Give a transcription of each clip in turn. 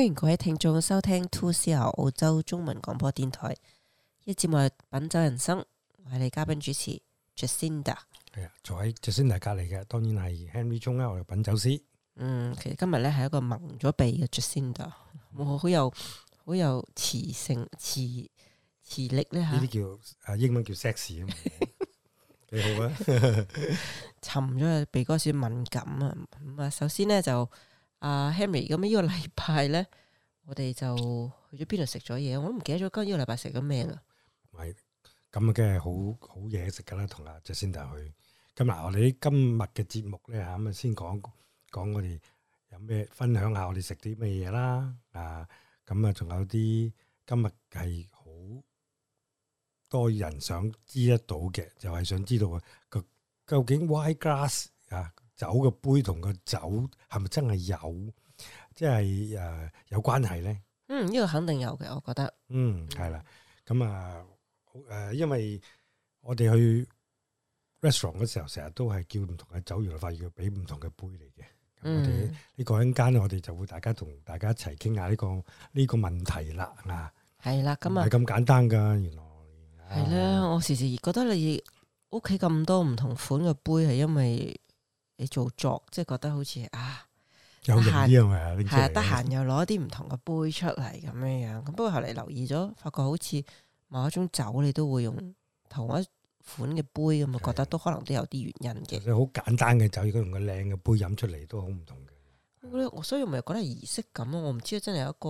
歡迎各位聽眾收聽 2CR 澳洲中文廣播電台呢節目《品酒人生》，我係你嘉賓主持 Jacinda。係啊，坐喺 Jacinda 隔籬嘅，當然係 Henry 聰啦。我哋品酒師。嗯，其實今日咧係一個蒙咗鼻嘅 Jacinda，我好有好有磁性磁磁力咧吓。呢啲叫啊英文叫 sexy 啊幾好啊！ 沉咗個鼻哥算敏感啊，咁啊，首先咧就。阿、uh, Henry，咁呢個禮拜咧，我哋就去咗邊度食咗嘢，我都唔記得咗今呢個禮拜食咗咩啦。唔係、嗯，咁啊梗係好好嘢食噶啦，同阿 Jacinda 去。咁嗱，我哋啲今日嘅節目咧嚇咁啊，先講講我哋有咩分享下，我哋食啲咩嘢啦。啊，咁啊仲有啲今日係好多人想知得到嘅，就係、是、想知道啊，究竟 Why Glass？酒個杯同個酒係咪真係有，即係誒、呃、有關係咧？嗯，呢、這個肯定有嘅，我覺得。嗯，係啦。咁啊，誒、呃呃，因為我哋去 restaurant 嘅時候，成日都係叫唔同嘅酒，原來發現要俾唔同嘅杯嚟嘅。咁我哋呢、嗯、個一陣，我哋就會大家同大家一齊傾下呢、這個呢、這個問題、嗯、啦。啊，係啦，咁啊，唔係咁簡單㗎。原來係咧，啦啊、我時時覺得你屋企咁多唔同款嘅杯，係因為。你做作即係覺得好似啊，有閒啊嘛，係啊，得閒又攞啲唔同嘅杯出嚟咁樣樣。咁不過後嚟留意咗，發覺好似某一種酒你都會用同一款嘅杯咁啊，覺得都可能都有啲原因嘅。好簡單嘅酒，如果用個靚嘅杯飲出嚟都好唔同嘅。我覺得我所以我咪覺得儀式感咯。我唔知真係有一個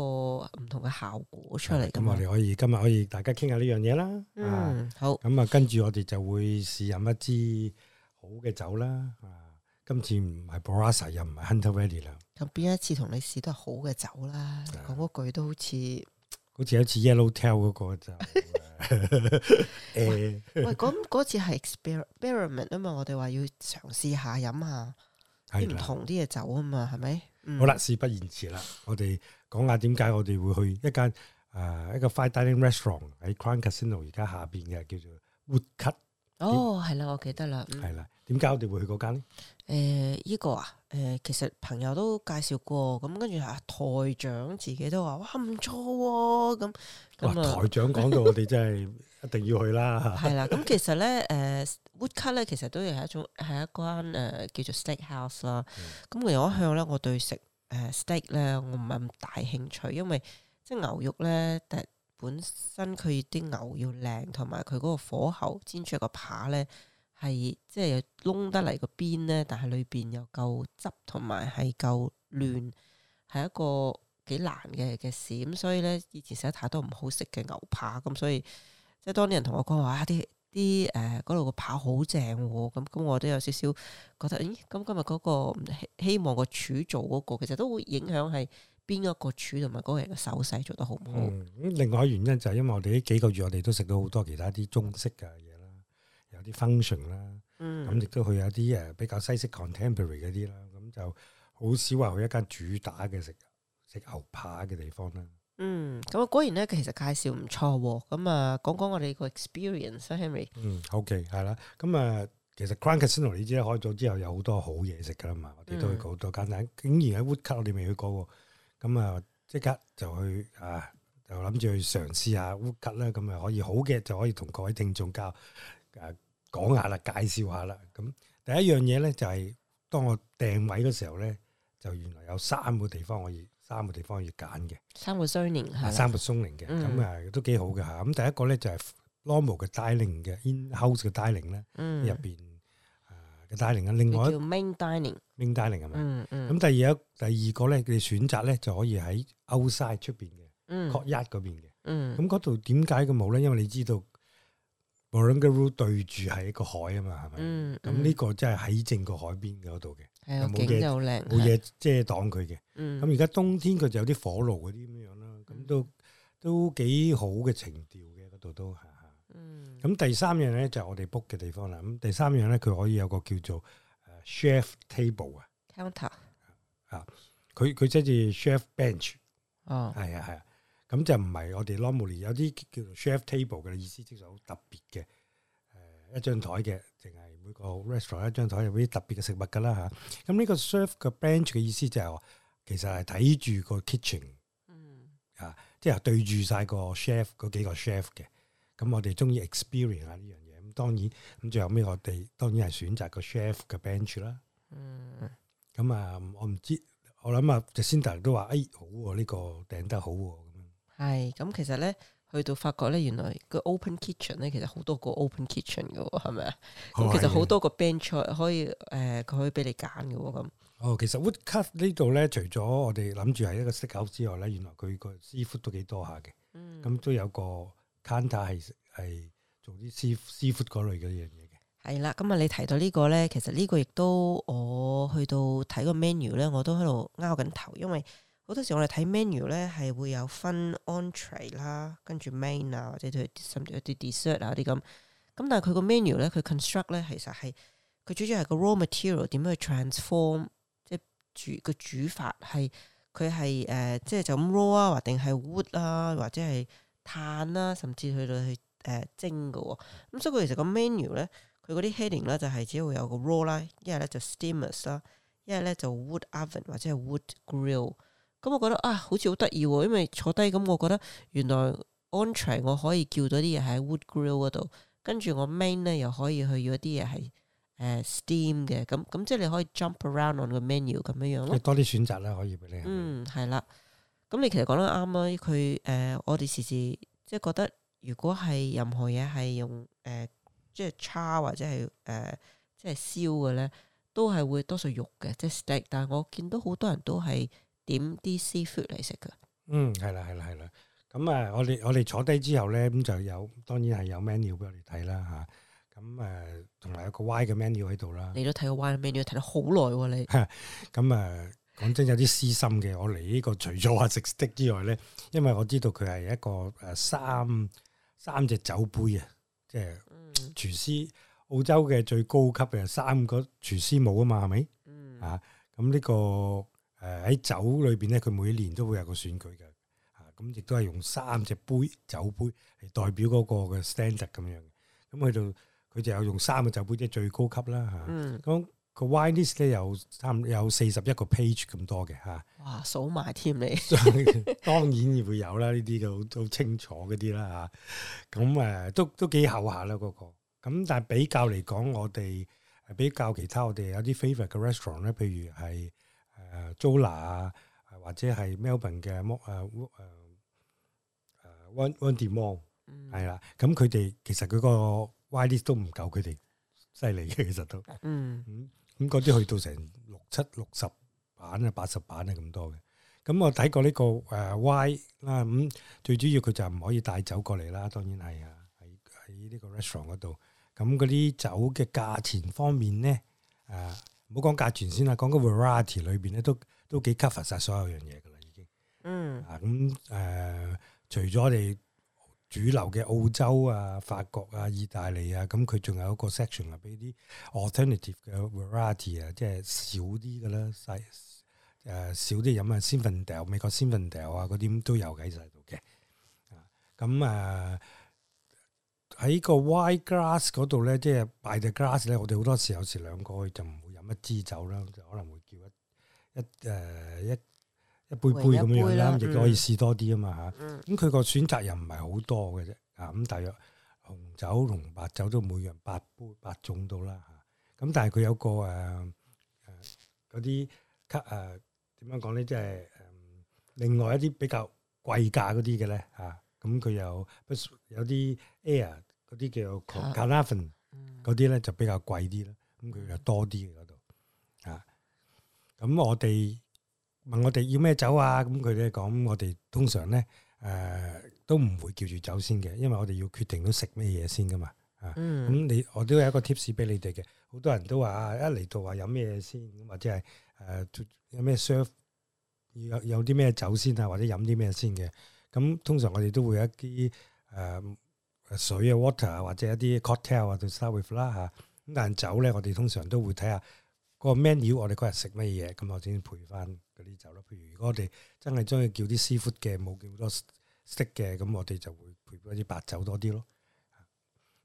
唔同嘅效果出嚟。咁我哋可以今日可以大家傾下呢樣嘢啦。嗯，好。咁啊，跟住我哋就會試飲一支好嘅酒啦。啊！今次唔係 Barossa 又唔係 Hunter Valley 啦，咁邊一次同你試得好嘅酒啦。講嗰、嗯、句都好似、嗯，好似有似 Yellowtail 嗰個就，誒， 喂，嗰次係 experiment 啊嘛，我哋話要嘗試下飲下啲唔同啲嘢酒啊嘛，係咪、嗯？好啦，事不宜遲啦，我哋講下點解我哋會去一間誒、呃、一個 fine dining restaurant 喺 Crown Casino 而家下邊嘅叫做 Woodcut。哦，係啦，我記得啦，係、嗯、啦。點解我哋會去嗰間呢？誒、呃，依、這個啊，誒、呃，其實朋友都介紹過，咁跟住阿台長自己都話，哇，唔錯、哦，咁。哇！嗯、台長講到，我哋真係一定要去啦。係啦， 咁其實咧，誒、呃、Woodcut 咧，其實都係一種係一關誒、呃，叫做 Steak House 啦。咁另外一項咧，我對食誒 Steak 咧，我唔係咁大興趣，因為即係牛肉咧，但本身佢啲牛要靚，同埋佢嗰個火候煎出個扒咧。係即係窿得嚟個邊咧，但係裏邊又夠汁同埋係夠嫩，係一個幾難嘅嘅事。咁所以咧，以前食得太多唔好食嘅牛扒，咁所以即係當啲人同我講話啲啲誒嗰度個扒好正，咁咁我都有少少覺得，咦？咁今日嗰個希望個廚做嗰個，其實都會影響係邊一個廚同埋嗰個人嘅手勢做得好唔好，嗯？另外一原因就係因為我哋呢幾個月我哋都食咗好多其他啲中式嘅啲 function 啦，咁、嗯、亦都去有啲誒比較西式 contemporary 嗰啲啦，咁就好少話去一間主打嘅食食牛扒嘅地方啦。嗯，咁啊果然咧，其實介紹唔錯喎。咁啊，講講我哋個 experience，Henry。嗯，OK，係啦。咁啊，其實 Crown Casino 你知啦，開咗之後有好多好嘢食噶啦嘛，我哋都去過好多間。嗯、但竟然喺 Woodcut 我哋未去過喎，咁啊即刻就去啊，就諗住去嘗試下 Woodcut 啦。咁啊可以好嘅，就可以同各位聽眾交誒。啊講下啦，介紹下啦。咁第一樣嘢咧就係當我訂位嘅時候咧，就原來有三個地方可以三個地方可以揀嘅。三個松寧係。三個松寧嘅，咁啊都幾好嘅吓。咁第一個咧就係 normal 嘅 dining 嘅 in house 嘅 dining 咧，入邊啊嘅 dining 啊。另外叫 main dining。main dining 係咪？嗯嗯。咁第二一第二個咧，佢哋選擇咧就可以喺 outside 出邊嘅，courtyard 嗰邊嘅。嗯。咁嗰度點解咁冇咧？因為你知道。Barangaroo 對住係一個海啊嘛，係咪、嗯？咁、嗯、呢個真係喺正個海邊嘅嗰度嘅，係啊、嗯，有景又好靚，冇嘢遮擋佢嘅。咁而家冬天佢就有啲火爐嗰啲咁樣啦，咁都、嗯、都幾好嘅情調嘅，嗰度都係啊係啊。咁、嗯、第三樣咧就係、我哋 book 嘅地方啦。咁第三樣咧佢可以有個叫做、uh, chef table 啊，counter 檔啊，佢佢即係 chef bench 啊、哦，係啊係啊。咁就唔係我哋 normally 有啲叫做 chef table 嘅意思，即係好特別嘅，誒一張台嘅，淨係每個 restaurant 一張台有啲特別嘅食物噶啦吓。咁呢個 chef 嘅 bench 嘅意思就係、呃啊就是，其實係睇住個 kitchen、嗯、啊，即、就、係、是、對住晒個 chef 嗰幾個 chef 嘅。咁、啊、我哋中意 experience 下呢樣嘢。咁、啊、當然，咁、啊、最後屘我哋當然係選擇個 chef 嘅 bench 啦、啊。嗯。咁啊，我唔知，我諗啊就先頭都話，誒、哎，好呢、啊這個訂得好、啊。係，咁、嗯、其實咧，去到發覺咧，原來個 open kitchen 咧，其實好多個 open kitchen 嘅，係咪啊？咁、哦、其實好多個 bench 可以誒，佢、呃、可以俾你揀嘅喎，咁。哦，其實 Woodcut 呢度咧，除咗我哋諗住係一個食口之外咧，原來佢 Se、嗯嗯、個 Seafood 都幾多下嘅，咁都有個 counter 係做啲 Sea、Seafood 嗰類嘅一樣嘢嘅。係啦，咁啊，你提到個呢個咧，其實呢個亦都我去到睇個 menu 咧，我都喺度拗緊頭，因為。好多時我哋睇 menu 咧，係會有分 entrée 啦，跟住 main 啊，或者佢甚至一啲 dessert 啊啲咁。咁但係佢個 menu 咧，佢 construct 咧，其實係佢主要係個 raw material 點樣去 transform，即係煮個煮法係佢係誒，即係就咁 raw 啊，或定係 wood 啊，或者係碳啦，甚至去到去誒蒸嘅、哦。咁、嗯、所以其實個 menu 咧，佢嗰啲 heading 咧就係只會有個 raw 啦，一係咧就 steamers 啦，一係咧就 wood oven 或者係 wood grill。咁、嗯、我覺得啊，好似好得意喎，因為坐低咁，我覺得原來 entrée 我可以叫到啲嘢喺 wood grill 度，跟住我 main 咧又可以去要一啲嘢係誒 steam 嘅，咁、嗯、咁即係你可以 jump around on 個 menu 咁樣樣咯。多啲選擇啦，可以俾你嗯。嗯，係啦。咁你其實你講得啱啦。佢誒、呃，我哋時時即係覺得，如果係任何嘢係用誒、呃、即係叉或者係誒、呃、即係燒嘅咧，都係會多數肉嘅，即係 steak。但係我見到好多人都係。點啲 seafood 嚟食嘅？嗯，係啦，係啦，係啦。咁啊，我哋我哋坐低之後咧，咁就有當然係有 menu 俾我哋睇啦吓。咁、嗯、啊，同埋有個 wine 嘅 menu 喺度啦。你都睇個 wine menu 睇得好耐你。咁啊，講、嗯、真有啲私心嘅，我嚟呢個除咗啊食 steak 之外咧，因為我知道佢係一個誒三三隻酒杯啊，即係廚師、嗯、澳洲嘅最高級嘅三個廚師帽、嗯、啊嘛，係咪？嗯。啊、嗯，咁呢個。嗯嗯嗯嗯嗯嗯誒喺酒裏邊咧，佢每年都會有個選舉嘅嚇，咁、啊、亦都係用三隻杯酒杯嚟代表嗰個嘅 standard 咁樣嘅。咁佢就佢就有用三個酒杯，即係最高級啦嚇。咁、啊嗯啊個 wine list 咧，有差唔多有四十一個 page 咁多嘅嚇。啊、哇！數埋添你， 當然會有啦，呢啲嘅好清楚嗰啲啦嚇。咁、啊、誒、啊、都都幾厚下啦嗰個。咁但係比較嚟講，我哋比較其他我哋有啲 favourite 嘅 restaurant 咧，譬如係。誒 Zola 啊，啊，或者係 Melbourne 嘅摩誒誒誒 One One 店 Mon，係啦。咁佢哋其實佢個 Y 都唔夠佢哋犀利嘅，其實都嗯咁。咁嗰啲去到成六七六十版啊，八十版、嗯這個、啊咁多嘅。咁我睇過呢個誒 Y 啦。咁、嗯、最主要佢就唔可以帶酒過嚟啦。當然係啊，喺喺呢個 restaurant 嗰度。咁嗰啲酒嘅價錢方面咧，誒、啊。唔好講價錢先啦，講個 variety 裏邊咧都都幾 cover 晒所有樣嘢噶啦，已經。嗯，啊咁誒，除咗我哋主流嘅澳洲啊、法國啊、意大利啊，咁佢仲有一個 section 啊，俾啲 alternative 嘅 variety 啊，即係少啲噶啦，細誒少啲飲啊仙粉黛美國仙粉黛啊，嗰啲都有喺晒度嘅。啊，咁啊喺、啊、個 white glass 嗰度咧，即係 by the glass 咧，我哋好多時有時兩個就唔會。一支酒啦，就可能會叫一一誒、呃、一一杯杯咁樣啦，亦都、嗯、可以試多啲啊嘛嚇。咁佢個選擇又唔係好多嘅啫，啊咁、嗯嗯嗯、大約紅酒同白酒都每樣八杯八種到啦嚇。咁、啊、但係佢有個誒誒嗰啲卡誒點樣講咧，即、就、係、是啊、另外一啲比較貴價嗰啲嘅咧嚇。咁佢又有啲 air 嗰啲叫做 caravan 嗰啲咧，就比較貴啲啦。咁佢又多啲嘅。咁我哋問我哋要咩酒啊？咁佢哋講，我哋通常咧誒、呃、都唔會叫住酒先嘅，因為我哋要決定到食咩嘢先噶嘛。嗯、啊、咁、嗯、你我都有一個 tips 俾你哋嘅。好多人都話啊，一嚟到話飲咩嘢先，或者係誒、呃、有咩 serve 要有有啲咩酒先啊，或者飲啲咩先嘅。咁、嗯、通常我哋都會有一啲誒、呃、水啊 water 啊，或者一啲 cocktail 啊，就 start with 啦吓。咁但係酒咧，我哋通常都會睇下。個 menu 我哋嗰日食乜嘢，咁我先配翻嗰啲酒咯。譬如如果我哋真係中意叫啲師傅嘅，冇叫多識嘅，咁我哋就會配嗰啲白酒多啲咯。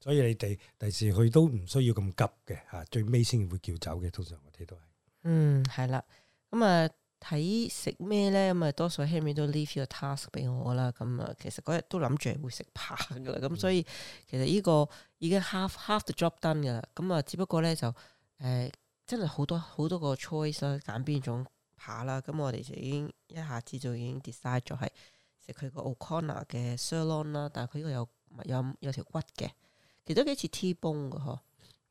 所以你哋第時去都唔需要咁急嘅，嚇最尾先會叫酒嘅。通常我哋都係嗯係啦。咁啊睇食咩咧，咁啊多數 Henry 都 leave 個 task 俾我啦。咁啊其實嗰日都諗住會食扒噶啦。咁所以其實呢個已經 half half the job done 噶啦。咁啊只不過咧就誒。真係好多好多個 choice 啦，揀邊種扒啦，咁我哋就已經一下子就已經 decide 咗係食佢個 O'Connor 嘅 sirloin 啦，但係佢呢個有有有條骨嘅，其實幾似 T-bone 嘅嗬。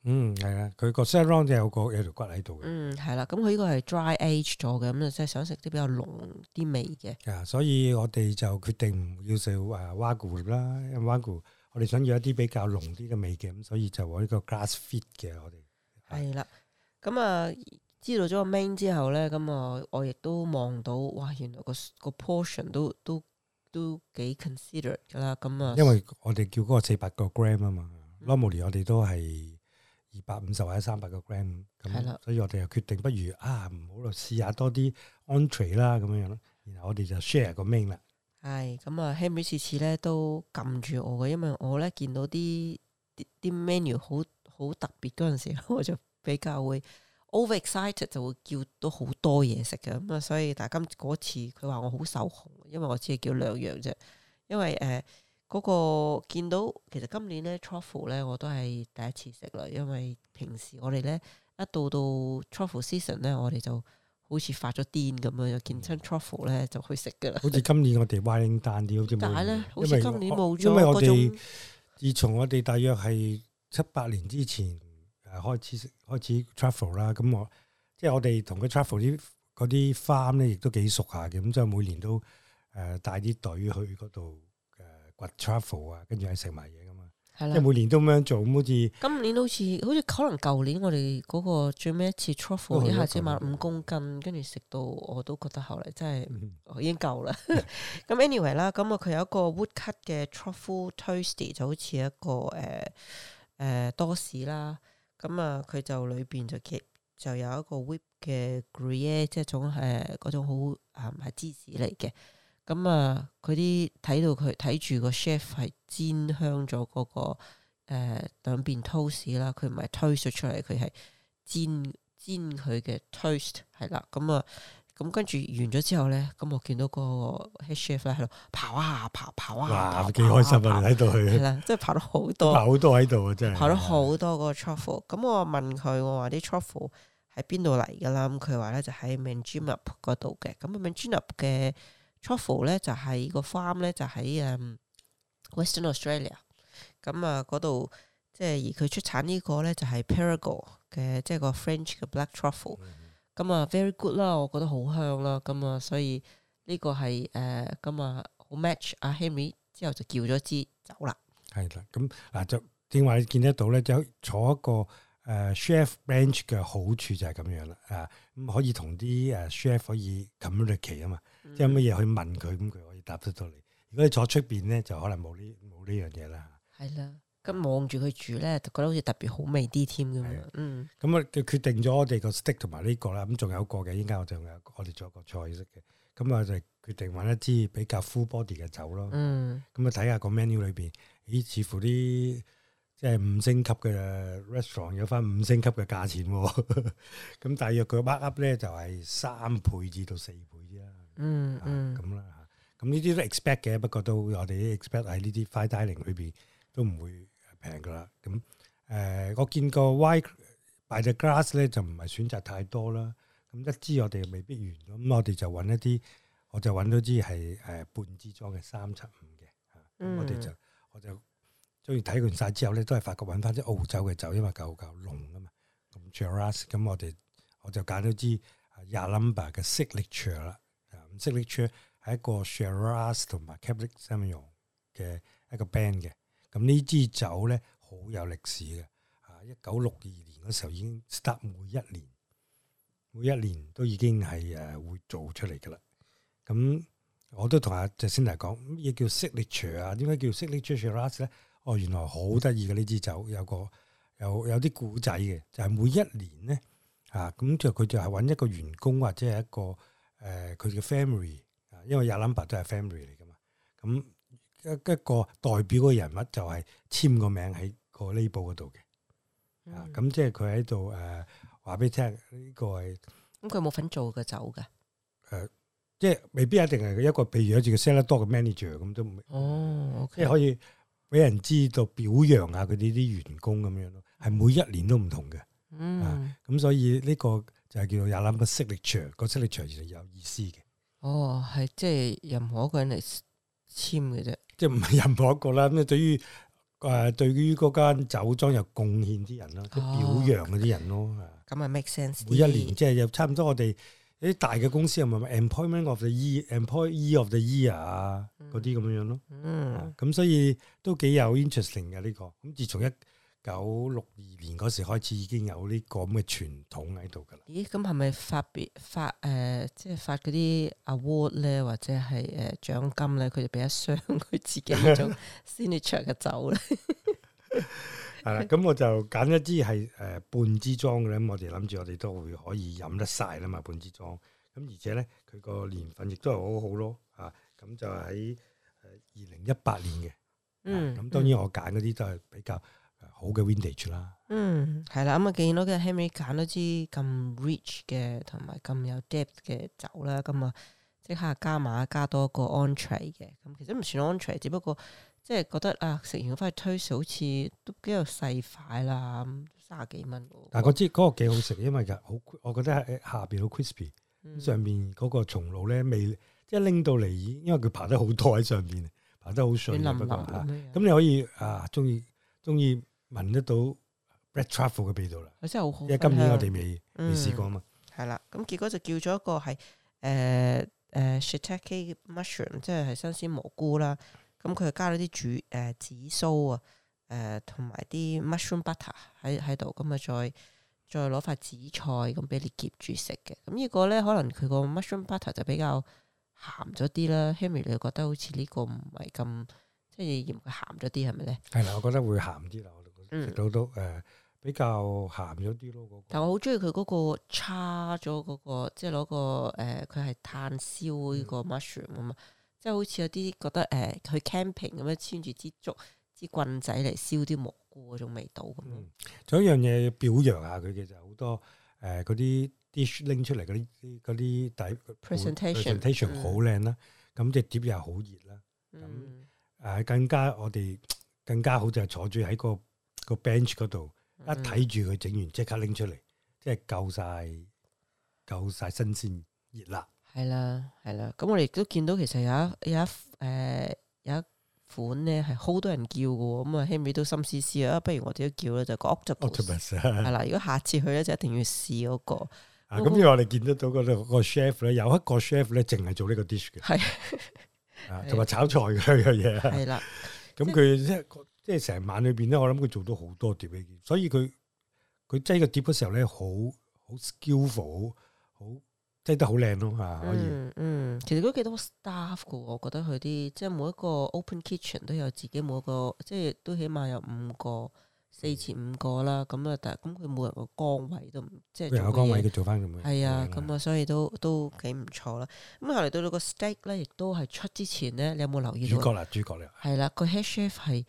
嗯，係啊，佢個 sirloin 就有個有條骨喺度嘅。嗯，係啦，咁佢呢個係 dry aged 咗嘅，咁啊即係想食啲比較濃啲味嘅。啊、嗯，所以我哋就決定要食誒 Wagyu 啦，Wagyu，我哋想要一啲比較濃啲嘅味嘅，咁所以就我呢個 grass fed 嘅，我哋係啦。的咁啊、嗯，知道咗個 main 之後咧，咁、嗯、啊，我亦都望到，哇！原來個個 portion 都都都幾 considerate 啦。咁啊、嗯，因為我哋叫嗰個四百個 gram 啊嘛，normally 我哋都係二百五十或者三百個 gram。係啦，所以我哋又決定不如啊，唔好咯，試下多啲 entrée 啦，咁樣樣咯。然後我哋就 share 個 main 啦。係，咁啊，Henry 次次咧都撳住我嘅，因為我咧見到啲啲 menu 好好特別嗰陣時，我就～比較會 overexcited 就會叫到好多嘢食嘅咁啊，所以但係今次佢話我好受控，因為我只係叫兩樣啫。因為誒嗰、呃那個見到其實今年咧 truffle 咧我都係第一次食啦，因為平時我哋咧一到到 truffle season 咧我哋就好似發咗癲咁樣，又見親 truffle 咧就去食噶啦。好似今年我哋 Wine i s, 好似咧好似今年冇咗為。因為我哋種自從我哋大約係七八年之前。開始開始 truffle 啦，咁我即係我哋同佢 truffle 啲嗰啲 farm 咧，亦都幾熟下嘅，咁即係每年都誒帶啲隊去嗰度誒掘 truffle 啊，跟住喺食埋嘢噶嘛，係啦，即係每年都咁樣做，好似今年好似好似可能舊年我哋嗰個最尾一次 truffle 一下子買五公斤，跟住食到我都覺得後嚟真係、嗯、已經夠啦。咁 anyway 啦，咁啊佢有一個 woodcut 嘅 truffle toasty 就好似一個誒誒、呃呃、多士啦。咁啊，佢、嗯、就裏邊就結就有一個 whip 嘅 gruyere 即係種誒嗰種好鹹係芝士嚟嘅。咁、嗯、啊，佢啲睇到佢睇住個 chef 係煎香咗嗰、那個誒兩邊 toast 啦，佢唔係推出出嚟，佢係煎煎佢嘅 toast 係、嗯、啦。咁、嗯、啊。嗯嗯嗯咁跟住完咗之後咧，咁我見到個 chef 咧喺度刨啊刨刨啊，幾開心啊喺度、啊、去了，係啦，即係刨咗好多，刨好多喺度啊，真係刨咗好多個 truffle。咁、啊、我問佢，我話啲 truffle 喺邊度嚟㗎啦？佢話咧就喺、是、Mangiumup 嗰度嘅。咁 Mangiumup 嘅 truffle 咧就喺、是、個 farm 咧就喺誒、嗯、Western Australia 那那。咁啊嗰度即係而佢出產呢個咧就係 Parago 嘅即係個 French 嘅 Black Truffle。咁啊，very good 啦，我覺得好香啦，咁、嗯、啊，所以呢個係誒，咁、呃、啊、嗯、好 match 阿、ah、Henry 之後就叫咗支酒啦。係啦，咁嗱就正話你見得到咧，就坐一個誒、呃、chef bench 嘅好處就係咁樣啦，啊，咁可以同啲誒 chef 可以 communicate 啊嘛，嗯、即係有乜嘢去問佢，咁佢可以答得到你。如果你坐出邊咧，就可能冇呢冇呢樣嘢啦。係啦。咁望住佢煮咧，就覺得好似特別好味啲添咁樣。嗯，咁啊，就決定咗我哋個 stick 同埋呢個啦。咁仲有個嘅，依家我就我哋做個菜式嘅。咁啊，就決定揾一支比較 full body 嘅酒咯。嗯，咁啊，睇下個 menu 裏邊，咦？似乎啲即係五星級嘅 restaurant 有翻五星級嘅價錢喎。咁大約佢 mark up 咧就係三倍至到四倍啫。嗯嗯，咁啦嚇。咁呢啲都 expect 嘅，不過都我哋 expect 喺呢啲 fine dining 裏邊都唔會。平噶啦，咁誒、嗯嗯、我見個 white by the glass 咧就唔係選擇太多啦，咁一支我哋未必完，咁我哋就揾一啲，我就揾到支係誒半支裝嘅三七五嘅，我哋就、呃啊嗯嗯嗯、我就中意睇完晒之後咧都係發覺揾翻啲澳洲嘅酒，因為夠夠濃啊嘛，咁 Shiraz 咁我哋我就揀咗支 Yalumba 嘅 Signature 啦，唔 Signature 係一個 Shiraz 同埋 Cabernet Sauvignon 嘅一個 band 嘅。咁呢支酒咧好有歷史嘅，啊一九六二年嗰時候已經 start 每一年，每一年都已經係誒會做出嚟嘅啦。咁我都同阿謝先嚟講，咩叫 signature 啊？點解叫 signature class 咧？哦，原來好得意嘅呢支酒，有個有有啲古仔嘅，就係每一年咧啊咁就佢就係揾一個員工或者係一個誒佢嘅 family 啊，因為 Yalumba 都係 family 嚟噶嘛，咁。一一個代表嘅人物就係簽個名喺、嗯啊呃這個呢部嗰度嘅，啊咁即係佢喺度誒話俾你聽呢個係，咁佢冇份做嘅走嘅，誒、呃、即係未必一定係一個，譬如好似個 cellar door 嘅 manager 咁都唔，哦、okay。即係可以俾人知道表揚下佢哋啲員工咁樣咯，係每一年都唔同嘅，咁所以呢個就係叫做有粒嘅 signature，個 signature 其實有意思嘅，哦係即係任何一個人嚟簽嘅啫。即係唔係任何一個啦，咁啊對於誒、呃、對於嗰間酒莊有貢獻啲人咯，都、哦、表揚嗰啲人咯，咁啊 make sense。每一年即係又差唔多，我哋啲大嘅公司又咪、嗯、employment of the year、employee of the year 啊、嗯，嗰啲咁樣咯，咁、嗯嗯、所以都幾有 interesting 嘅呢個。咁自從一九六二年嗰時開始已經有呢個咁嘅傳統喺度噶啦。咦？咁係咪發別發誒、呃，即係發啲 award 咧，或者係誒獎金咧，佢就俾一箱佢自己做 signature 嘅酒咧？係啦， 咁我就揀一支係誒半支裝嘅咧。我哋諗住我哋都會可以飲得晒啦嘛，半支裝。咁而且咧，佢個年份亦都係好好咯。啊，咁就喺誒二零一八年嘅。嗯。咁、啊、當然我揀嗰啲都係比較，好嘅 vintage 啦嗯，嗯，係啦，咁啊見到嘅 Henry 揀咗支咁 rich 嘅，同埋咁有 depth 嘅酒啦，咁啊即刻加碼加多個 entrée 嘅，咁其實唔算 entrée 只不過即係覺得啊食完翻去推手好似都幾有細塊啦，咁卅幾蚊但係我知嗰個幾好食，因為其實好，我覺得係下邊好 crispy，上面嗰個松露呢未即係拎到嚟，因為佢爬得好多喺上邊，爬得好順，咁你可以啊中意中意。聞得到 red truffle 嘅味道啦，係真係好好。因為今年我哋未未試過啊嘛，係啦。咁結果就叫咗一個係誒誒、呃呃、shitake mushroom，即係係新鮮蘑菇啦。咁佢又加咗啲煮誒紫蘇啊，誒、呃、同埋啲 mushroom butter 喺喺度。咁啊再再攞塊紫菜咁俾你夾住食嘅。咁呢個咧可能佢個 mushroom butter 就比較鹹咗啲啦。Henry 你覺得好似呢個唔係咁，即係佢鹹咗啲係咪咧？係啦，我覺得會鹹啲咯。食、嗯、到都誒、呃、比較鹹咗啲咯，嗰個、但我好中意佢嗰個叉咗嗰個，即係攞個誒，佢、呃、係炭燒個 mushroom 啊嘛、嗯，即係、嗯就是、好似有啲覺得誒、呃、去 camping 咁樣，穿住支竹、支棍仔嚟燒啲蘑菇嗰種味道咁仲、嗯、有一樣嘢要表揚下佢嘅就係好多誒嗰啲 dish 拎出嚟嗰啲嗰啲大 presentation 好靚啦，咁即碟又好熱啦，咁、嗯、誒、呃、更加我哋更加好就係坐住喺個。個 bench 嗰度一睇住佢整完即刻拎出嚟，即係夠晒、夠晒新鮮熱辣。係啦，係啦。咁我哋都見到其實有一、有一、誒、呃、有一款咧係好多人叫嘅，咁啊 h 味都心思思啊，不如我哋都叫咧，就焗、是、汁 Optim us,。係啦，如果下次去咧就一定要試嗰、那個。啊，咁因為我哋見得到嗰度個 chef 咧有一個 chef 咧淨係做呢個 dish 嘅，係同埋炒菜嘅嘅嘢。係啦，咁佢即係。即係成晚裏邊咧，我諗佢做到好多碟嘅，所以佢佢擠個碟嘅時候咧，好好 skillful，好擠得好靚咯吓，可以嗯。嗯，其實都幾多 staff 嘅，我覺得佢啲即係每一個 open kitchen 都有自己每一個，個嗯、即係都起碼有五個四至五個啦。咁啊，但係咁佢每個崗位都唔，即係做嘢。個崗位佢做翻咁樣。係啊，咁啊，所以都都幾唔錯啦。咁後來到到個 steak 咧，亦都係出之前咧，你有冇留意到主？主角啦，主角啦。係啦，個 hash f 係。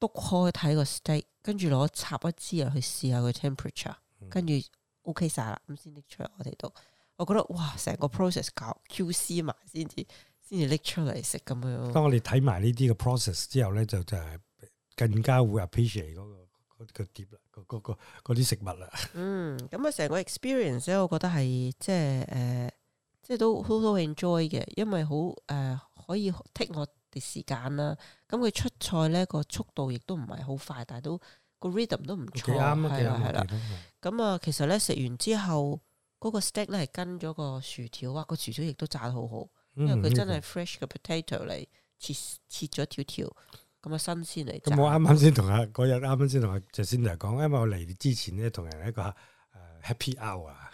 book 開睇個 steak，跟住攞插一支嚟去試下個 temperature，跟住 OK 晒啦，咁先拎出嚟我哋都我覺得哇，成個 process 搞 QC 埋先至先至拎出嚟食咁樣。當我哋睇埋呢啲嘅 process 之後咧，就就係更加會 appreciate 嗰個碟啦，嗰嗰個嗰啲食物啦。嗯，咁啊，成個 experience 咧，我覺得係即係誒，即係、呃、都好多 enjoy 嘅，因為好誒、呃、可以 take 我。啲時間啦，咁佢出菜咧，個速度亦都唔係好快，但係都個 rhythm 都唔錯，啱啊，係啦，係啦。咁啊，其實咧食完之後，嗰、嗰個 steak 咧係跟咗個薯條，啊。個薯條亦都炸得好好，因為佢真係 fresh 嘅 potato 嚟切切咗條條咁啊新鮮嚟炸咁、嗯嗯、我啱啱先同阿嗰日啱啱先同阿 Jacinda 講，因為我嚟之前咧同人一個誒 happy hour ur olf，啊，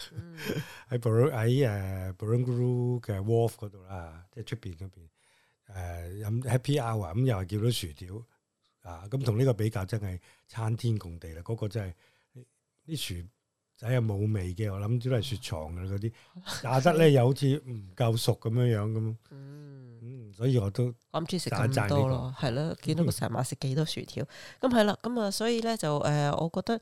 喺 Bor 喺誒 Barangaroo 嘅 Wolf 嗰度啦，即係出邊嗰邊。誒，飲、uh, Happy Hour 咁又係叫到薯條、嗯、啊！咁同呢個比較真係爭天共地啦，嗰、那個真係啲薯仔又冇味嘅，我諗都係雪藏嘅嗰啲炸得咧又好似唔夠熟咁樣樣咁。所以我都諗住食咁多咯。係咯、這個，見到個神馬食幾多薯條，咁係啦，咁、嗯、啊，所以咧就誒、呃，我覺得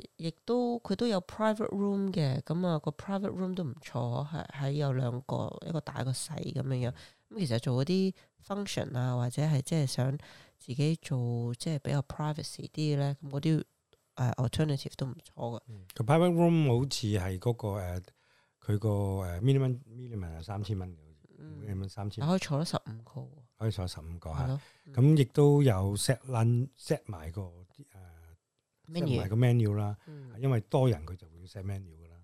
誒，亦、呃、都佢都有 private room 嘅，咁、那、啊個 private room 都唔錯，係喺有兩個，一個大一個細咁樣樣。對 咁其實做嗰啲 function 啊，或者係即係想自己做，即係比較 privacy 啲嘅咧，咁嗰啲誒 alternative 都唔錯嘅。個 private room 好似係嗰個，佢個誒 minimum minimum 係三千蚊嘅，嗯，三千。可以坐咗十五個，可以坐十五個嚇。咁亦都有 set l set 埋個誒 set 埋個 menu 啦，因為多人佢就會 set menu 噶啦。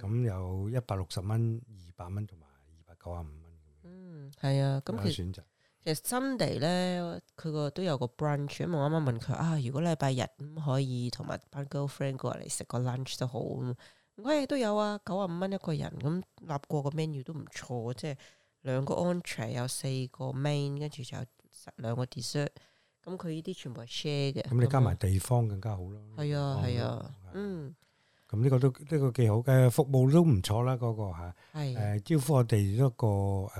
咁有一百六十蚊、二百蚊同埋二百九十五。嗯，係啊，咁其實其實 Sunday 咧，佢個都有個 brunch。咁我啱啱問佢啊，如果禮拜日咁、嗯、可以同埋班 girlfriend 過嚟食個 lunch 都好，唔、嗯、該、欸、都有啊，九十五蚊一個人，咁、嗯、立過個 menu 都唔錯，即係兩個 entrée 有四個 main，跟住就有兩個 dessert、嗯。咁佢呢啲全部係 share 嘅。咁你加埋地方更加好咯。係、嗯、啊，係啊，哦、嗯。Okay. 咁呢個都呢個幾好嘅服務都唔錯啦、啊，嗰是、啊那個嚇。係招呼我哋一個誒。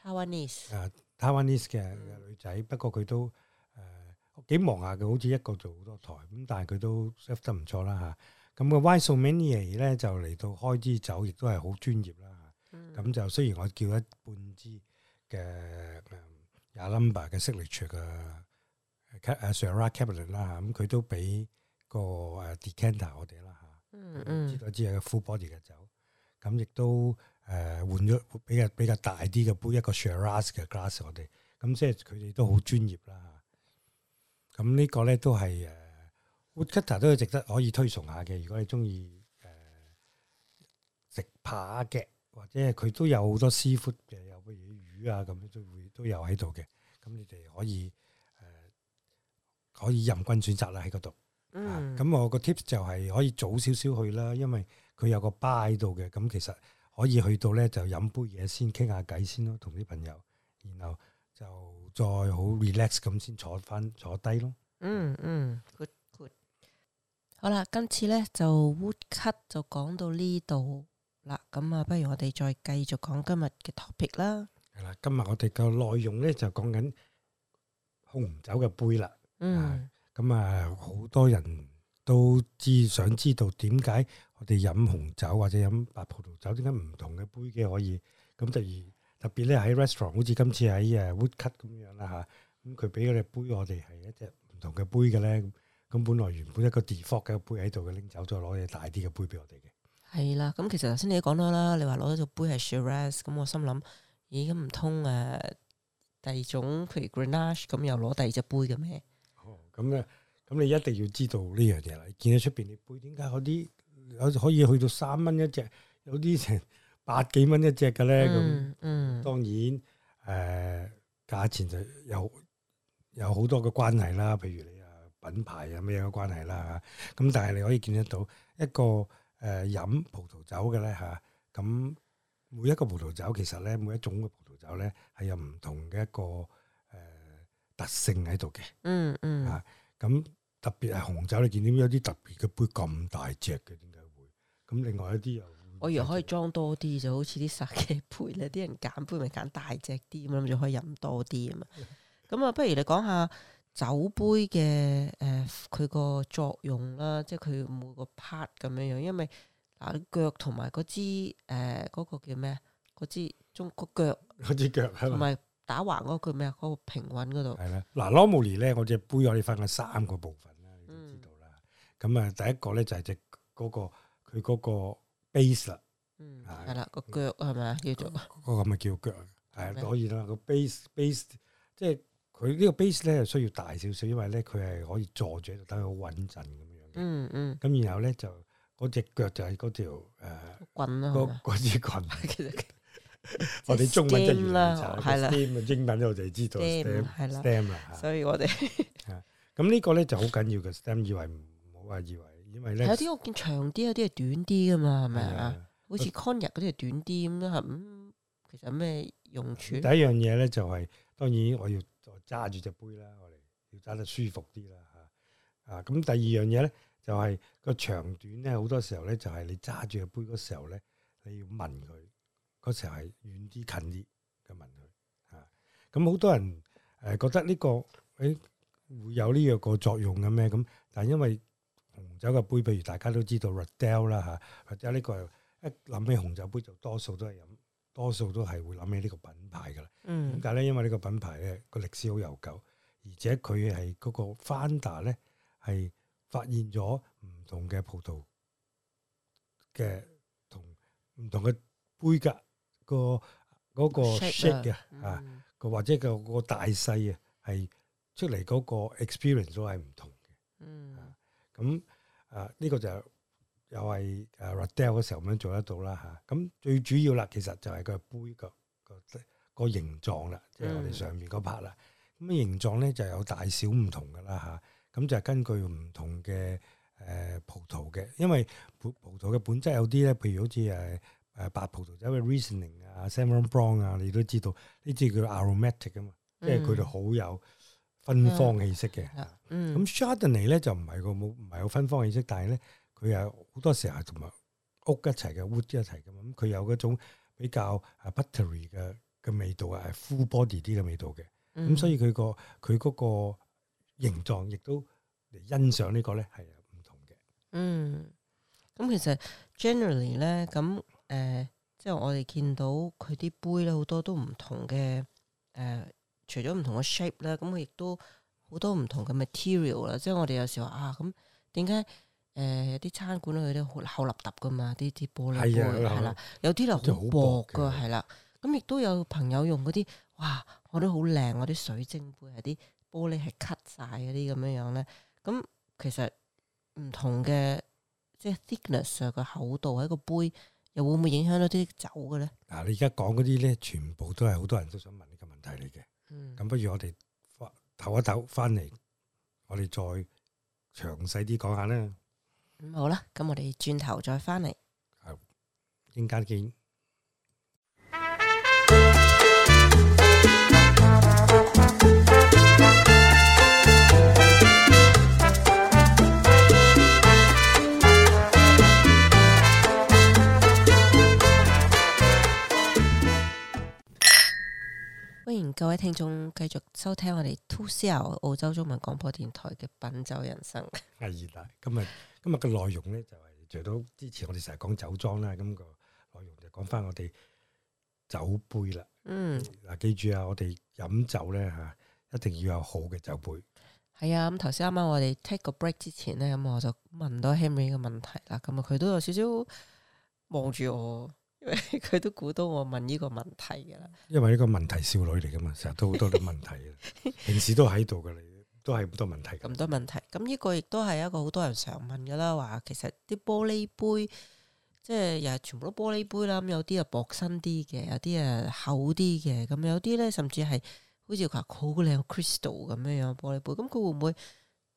Taiwanese 誒 Taiwanese 嘅女仔，嗯、不過佢都誒、uh, 幾忙下嘅，好似一個做好多台咁，但係佢都 service 得唔錯啦嚇、啊。咁、那個 sommelier 呢，就嚟到開支酒，亦都係好專業啦。咁就、嗯、雖然我叫一半支嘅啊 Yalumba 嘅 signature 嘅誒 Shiraz Cabernet 啦，咁佢都畀個誒 decanter 我哋啦。嗯嗯，知道係個，full body 嘅酒，咁亦都誒換咗比較比較大啲嘅杯，一個 shiraz 嘅 glass 我哋，咁即係佢哋都好專業啦。咁、嗯、呢、嗯、個咧、呃、都係誒 Woodcut 都係值得可以推崇下嘅。如果你中意誒食扒嘅，或者佢都有好多 seafood 嘅，有乜嘢魚啊咁樣都會都有喺度嘅。咁、嗯、你哋可以誒、呃、可以任君選擇啦喺嗰度。咁我個 tips 就係可以早少少去啦，因為佢有個 bar 喺度嘅，咁其實可以去到咧就飲杯嘢先，傾下偈先咯，同啲朋友，然後就再好 relax 咁先坐翻坐低咯。嗯嗯，good good。好啦，今次咧就 Woodcut 就講到呢度啦，咁啊，不如我哋再繼續講今日嘅 topic 啦。係啦，今日我哋嘅內容咧就講緊紅酒嘅杯啦。嗯。咁啊，好、嗯、多人都知想知道點解我哋飲紅酒或者飲白葡萄酒，點解唔同嘅杯嘅可以咁？就而特別咧喺 restaurant，好似今次喺誒 Woodcut 咁樣啦吓，咁佢俾嗰隻杯我哋係一隻唔同嘅杯嘅咧。咁本來原本一個 default 嘅杯喺度嘅，拎走再攞隻大啲嘅杯俾我哋嘅。係啦，咁其實頭先你都講咗啦，你話攞咗隻杯係 Shiraz，咁我心諗咦咁唔通誒第二種譬如 Grenache 咁又攞第二隻杯嘅咩？咁咧，咁你一定要知道呢樣嘢啦。見到出邊，啲杯點解嗰啲可可以去到三蚊一隻，有啲成百幾蚊一隻嘅咧？咁當然誒、呃，價錢就有有好多嘅關係啦。譬如你啊品牌有咩嘅關係啦嚇。咁、啊、但係你可以見得到一個誒、呃、飲葡萄酒嘅咧嚇。咁、啊、每一個葡萄酒其實咧，每一種嘅葡萄酒咧係有唔同嘅一個特性喺度嘅，嗯嗯，啊，咁特別係紅酒你見點有啲特別嘅杯咁大隻嘅，點解會？咁另外一啲又，我以為可以裝多啲就好似啲十幾杯咧，啲人揀杯咪揀大隻啲，咁諗住可以飲多啲啊嘛。咁啊，不如你講下酒杯嘅誒佢個作用啦，即係佢每個 part 咁樣樣，因為嗱腳同埋嗰支誒嗰個叫咩啊？嗰支中個腳，嗰支腳係咪？有打橫嗰個咩啊？嗰、那個那個平穩嗰度。係啦，嗱 normally 咧，我隻杯我哋分咗三個部分啦，你都知道啦。咁啊、嗯，第一個咧就係隻嗰個佢嗰個 base 啦、嗯，係啦個腳係咪啊叫做？嗰、那個咪、那個、叫腳，係可的的以啦。那個 base base 即係佢呢個 base 咧係需要大少少，因為咧佢係可以坐住等佢好穩陣咁樣嘅。嗯嗯。咁然後咧就嗰隻腳就係嗰條誒棍咯、啊，嗰嗰支棍。的 我哋、 哦、中文就越嚟越差，係啦。stem 英文我哋知道。stem 係啦，stem 所以我哋咁呢個咧就好緊要嘅。stem 以為唔好話以為，因為咧有啲我見長啲，有啲係短啲噶嘛，係咪啊？嗯、好似 cony 嗰啲係短啲咁咯，係、嗯、咁。其實有咩用處、啊？第一樣嘢咧就係、是，當然我要揸住隻杯啦，我哋要揸得舒服啲啦，吓啊。咁、啊啊啊、第二樣嘢咧就係、是、個 長短咧，好多時候咧就係你揸住隻杯嗰時候咧，你要聞佢。嗰時候係遠啲近啲嘅問佢嚇，咁、啊、好多人誒覺得呢、這個誒會、欸、有呢樣個作用嘅咩？咁但係因為紅酒嘅杯，譬如大家都知道 Riedel 啦、啊、嚇，或者呢個一諗起紅酒杯就多數都係飲，多數都係會諗起呢個品牌噶啦。嗯，點解咧？因為呢個品牌咧個歷史好悠久，而且佢係嗰個 Founder 咧係發現咗唔同嘅葡萄嘅同唔同嘅杯噶。個嗰、嗯、個 shape 啊、嗯，啊，或、這、者個個大細啊，係出嚟嗰個 experience 都係唔同嘅。嗯。咁啊，呢個就又係啊 Riedel 嘅時候咁樣做得到啦嚇。咁最主要啦，其實就係個杯個個形狀啦，即、就、係、是、我哋上面嗰 part 啦。咁、嗯、形狀咧就有大小唔同噶啦嚇。咁、啊、就根據唔同嘅誒、呃、葡萄嘅，因為葡萄嘅本質有啲咧，譬如好似誒。誒白葡萄酒嘅 Riesling 啊 Semillon 啊，你都知道，呢啲叫 aromatic 啊嘛，即係佢就好有芬芳氣息嘅。咁 Chardonnay 咧就唔係個冇唔係好芬芳氣息，但係咧佢有好多時候同埋屋一齊嘅 wood 一齊嘅，咁、嗯、佢有嗰種比較啊 buttery 嘅嘅味道啊，full body 啲嘅味道嘅。咁、嗯、所以佢、個佢嗰個形狀亦都嚟欣賞個呢個咧係唔同嘅。嗯，咁其實 generally 咧咁。誒、呃，即係我哋見到佢啲杯咧，好多都唔同嘅。誒、呃，除咗唔同嘅 shape 啦，咁佢亦都好多唔同嘅 material 啦。即係我哋有時話啊，咁點解誒啲餐館都啲好厚立揼噶嘛？啲啲玻璃杯係、啊、啦，有啲就好薄嘅係啦。咁亦都有朋友用嗰啲哇，我都好靚。我啲水晶杯係啲玻璃係 cut 晒嗰啲咁樣樣咧。咁、嗯、其實唔同嘅即係 thickness 嘅厚度喺個杯又會唔會影響到啲酒嘅咧？嗱，你而家講嗰啲咧，全部都係好多人都想問呢個問題嚟嘅。咁、嗯、不如我哋唞一唞，翻嚟我哋再詳細啲講下啦。咁、嗯、好啦，咁我哋轉頭再翻嚟。係，陣間見。歡迎各位聽眾繼續收聽我哋 2CR 啊，澳洲中文廣播電台嘅品酒人生。係熱啊！今日今日嘅內容咧就係、是，除咗之前我哋成日講酒莊啦，咁、那個內容就講翻我哋酒杯啦。嗯，嗱、啊，記住啊，我哋飲酒咧吓，一定要有好嘅酒杯。係啊，咁頭先啱啱我哋 take 個 break 之前咧，咁我就問到 Henry 嘅問題啦。咁啊，佢都有少少望住我。佢 都估到我問呢個問題噶啦，因為呢個問題少女嚟噶嘛，成日都好多啲問題嘅。 平時都喺度噶，你都係好多，多問題，咁多問題。咁呢個亦都係一個好多人常問噶啦，話其實啲玻璃杯，即係又係全部都玻璃杯啦。咁有啲啊薄身啲嘅，有啲啊厚啲嘅，咁有啲咧甚至係好似話好靚 crystal 咁樣樣玻璃杯。咁佢會唔會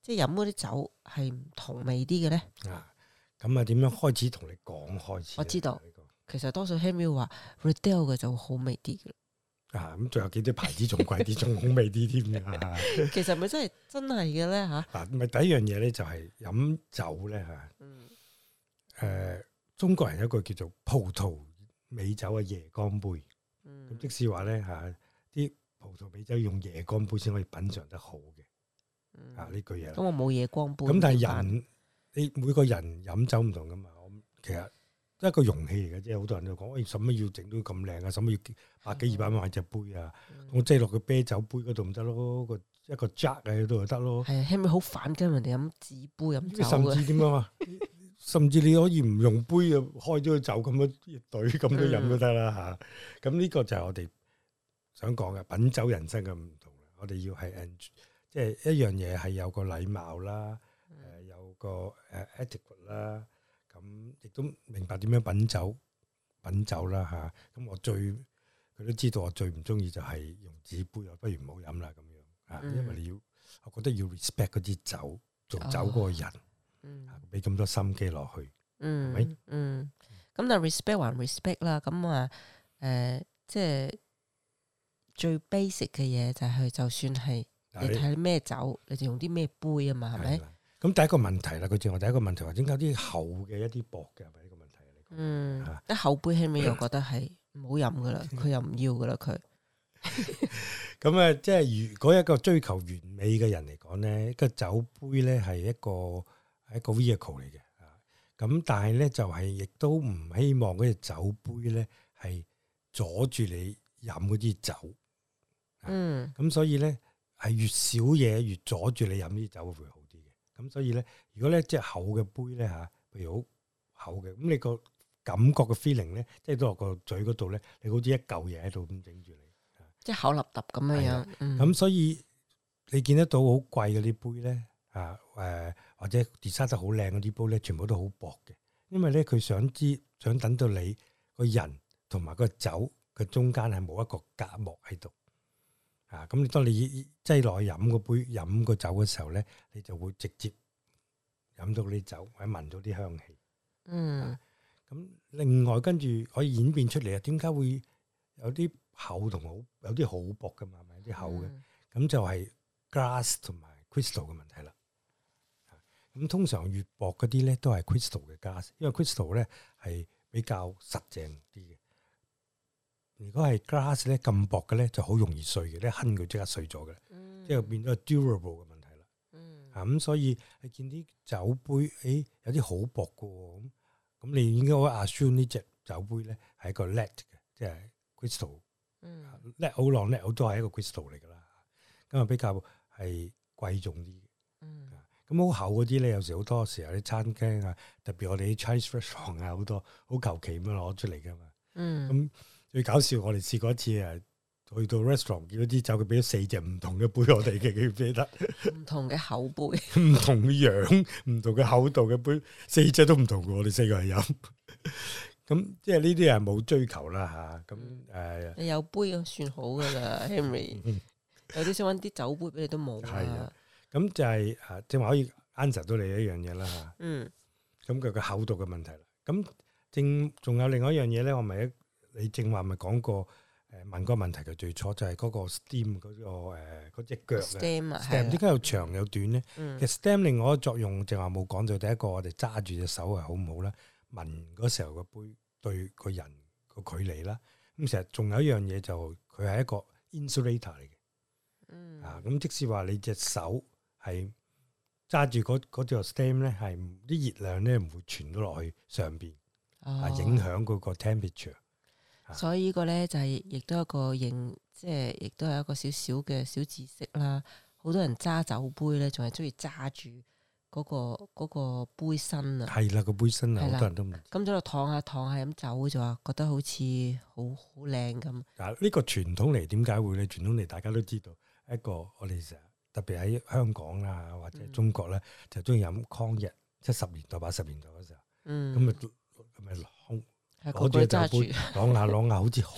即係飲嗰啲酒係唔同味啲嘅咧？啊，咁啊點樣開始同你講開始？我知道。其實多數 Henry 話 Riedel 嘅就好味啲嘅，啊，啊咁，仲有幾啲牌子仲貴啲，仲好味啲添啊！其實咪真係真係嘅咧吓，嗱咪第一樣嘢咧就係飲酒咧吓，誒、啊嗯呃，中國人有一個叫做葡萄美酒嘅夜光杯，咁、嗯、即使話咧吓啲葡萄美酒用夜光杯先可以品嘗得好嘅，啊呢句嘢，咁、嗯嗯嗯啊、我冇夜光杯，咁但係人你每個人飲酒唔同噶嘛，我其實。即係一個容器嚟嘅，即係好多人都講，欸、要使乜要整到咁靚啊？使乜要百幾二百蚊買隻杯啊？的我擠落、個啤酒杯嗰度唔得咯，個一個 Jack 喺度就得咯。係啊，係咪好反？跟人哋飲紙杯飲，甚至點啊嘛？ 甚至你可以唔用杯的啊，開咗個酒咁多隊咁多飲都得啦吓。咁呢個就係我哋想講嘅品酒人生嘅唔同。我哋要係，即、就、係、是、一樣嘢係有個禮貌啦，誒，有個誒 etiquette 啦。的咁亦、嗯、都明白點樣品酒，品酒啦吓。咁、啊啊、我最佢都知道我最唔中意就係用紙杯，不如唔好飲啦咁樣啊。嗯、因為你要，我覺得要 respect 嗰啲酒，做酒嗰個人，哦嗯、啊，俾咁多心機落去，係咪？嗯，咁吧、嗯嗯、但 respect 還 respect 啦、嗯。咁啊，誒，即係最 basic 嘅嘢就係、是，就算係你睇咩酒，是你就用啲咩杯啊嘛，係咪？咁第一個問題啦，佢就話第一個問題話點解啲厚嘅一啲薄嘅，係咪呢個問題嚟？你嗯、啲、啊、厚杯起碼又覺得係唔好飲噶啦，佢 又唔要噶啦，佢。咁啊，即係如果一個追求完美嘅人嚟講咧，個酒杯咧係一個係一個 vehicle 嚟嘅啊。咁但係咧就係、是、亦都唔希望嗰隻酒杯咧係阻住你飲嗰啲酒嗯、啊。嗯。咁所以咧係越少嘢，越阻住你飲啲酒。咁、嗯、所以咧，如果咧即係厚嘅杯咧嚇，譬如好厚嘅，咁你個感覺嘅 feeling 咧，即係倒落個嘴嗰度咧，你好似一嚿嘢喺度咁整住你，即係口立揼咁樣樣。咁所以你見得到好貴嗰啲杯咧，啊誒、呃、或者 design 得好靚嗰啲杯咧，全部都好薄嘅，因為咧佢想知想等到你個人同埋個酒嘅中間係冇一個隔膜喺度。啊！咁當你擠落去飲杯飲個酒嘅時候咧，你就會直接飲到啲酒或者聞到啲香氣、嗯。嗯。咁另外跟住可以演變出嚟、嗯、啊，點解會有啲厚同好有啲好薄嘅嘛？係咪有啲厚嘅。咁就係 glass 同埋 crystal 嘅問題啦。咁通常越薄啲咧都係 crystal 嘅 glass，因為 crystal 咧係比較實淨啲嘅。如果係 glass 咧，咁薄嘅咧，就好容易碎嘅咧，哼，佢、嗯、即刻碎咗嘅，即係變咗 durable 嘅問題啦。啊咁、嗯嗯，所以你見啲酒杯，誒、哎、有啲好薄嘅，咁咁你應該會 assume 呢隻酒杯咧係一個 lead 嘅，即係 crystal。lead 好浪 lead 好多係一個 crystal 嚟㗎啦，咁啊比較係貴重啲。咁好、嗯嗯、厚嗰啲咧，有時好多時候啲餐廳啊，特別我哋啲 Chinese restaurant 啊，好多好求其咁攞出嚟㗎嘛。咁、嗯嗯最搞笑，我哋試過一次啊，去到 restaurant 見到啲酒，佢俾咗四隻唔同嘅杯我哋，記唔記得，唔同嘅口杯，唔 同嘅樣，唔同嘅厚度嘅杯，四隻都唔同我哋四個人飲。咁 即係呢啲係冇追求啦吓。咁、啊、誒，呃、你有杯算好噶啦 ，Henry。 有啲想搵啲酒杯俾你都冇 啊。咁就係、是、誒，即係可以 answer 到你一樣嘢啦吓。嗯。咁佢個厚度嘅問題啦。咁正仲有另外一樣嘢咧，我咪。你正話咪講過？誒問個問題嘅最初就係嗰個 stem 嗰個，誒嗰隻腳。stem 啊，stem 點解又長又短咧？其實 stem 另外嘅作用，正話冇講到第一個，我哋揸住隻手係好唔好咧？問嗰時候個杯對個人個距離啦。咁其實仲有一樣嘢，就佢係一個 insulator 嚟嘅。嗯。啊，咁即使話你隻手係揸住嗰嗰條 stem 咧，係啲熱量咧唔會傳到落去上邊啊，影響嗰個 temperature。所以個呢個咧就係、是，亦都一個認，即係亦都係一個少少嘅小知識啦。好多人揸酒杯咧，仲係中意揸住嗰個杯身啊。係啦，個杯身啊，好的多人都咁喺度躺下躺下飲酒就話覺得好似好好靚咁。嗱，呢個傳統嚟點解會咧？傳統嚟大家都知道一個我，我哋成日特別喺香港啊，或者中國咧，嗯、就中意飲干邑，七十年代八十年代嗰時候，嗯，咁啊咁啊落。攞住就會晾下晾下，好似好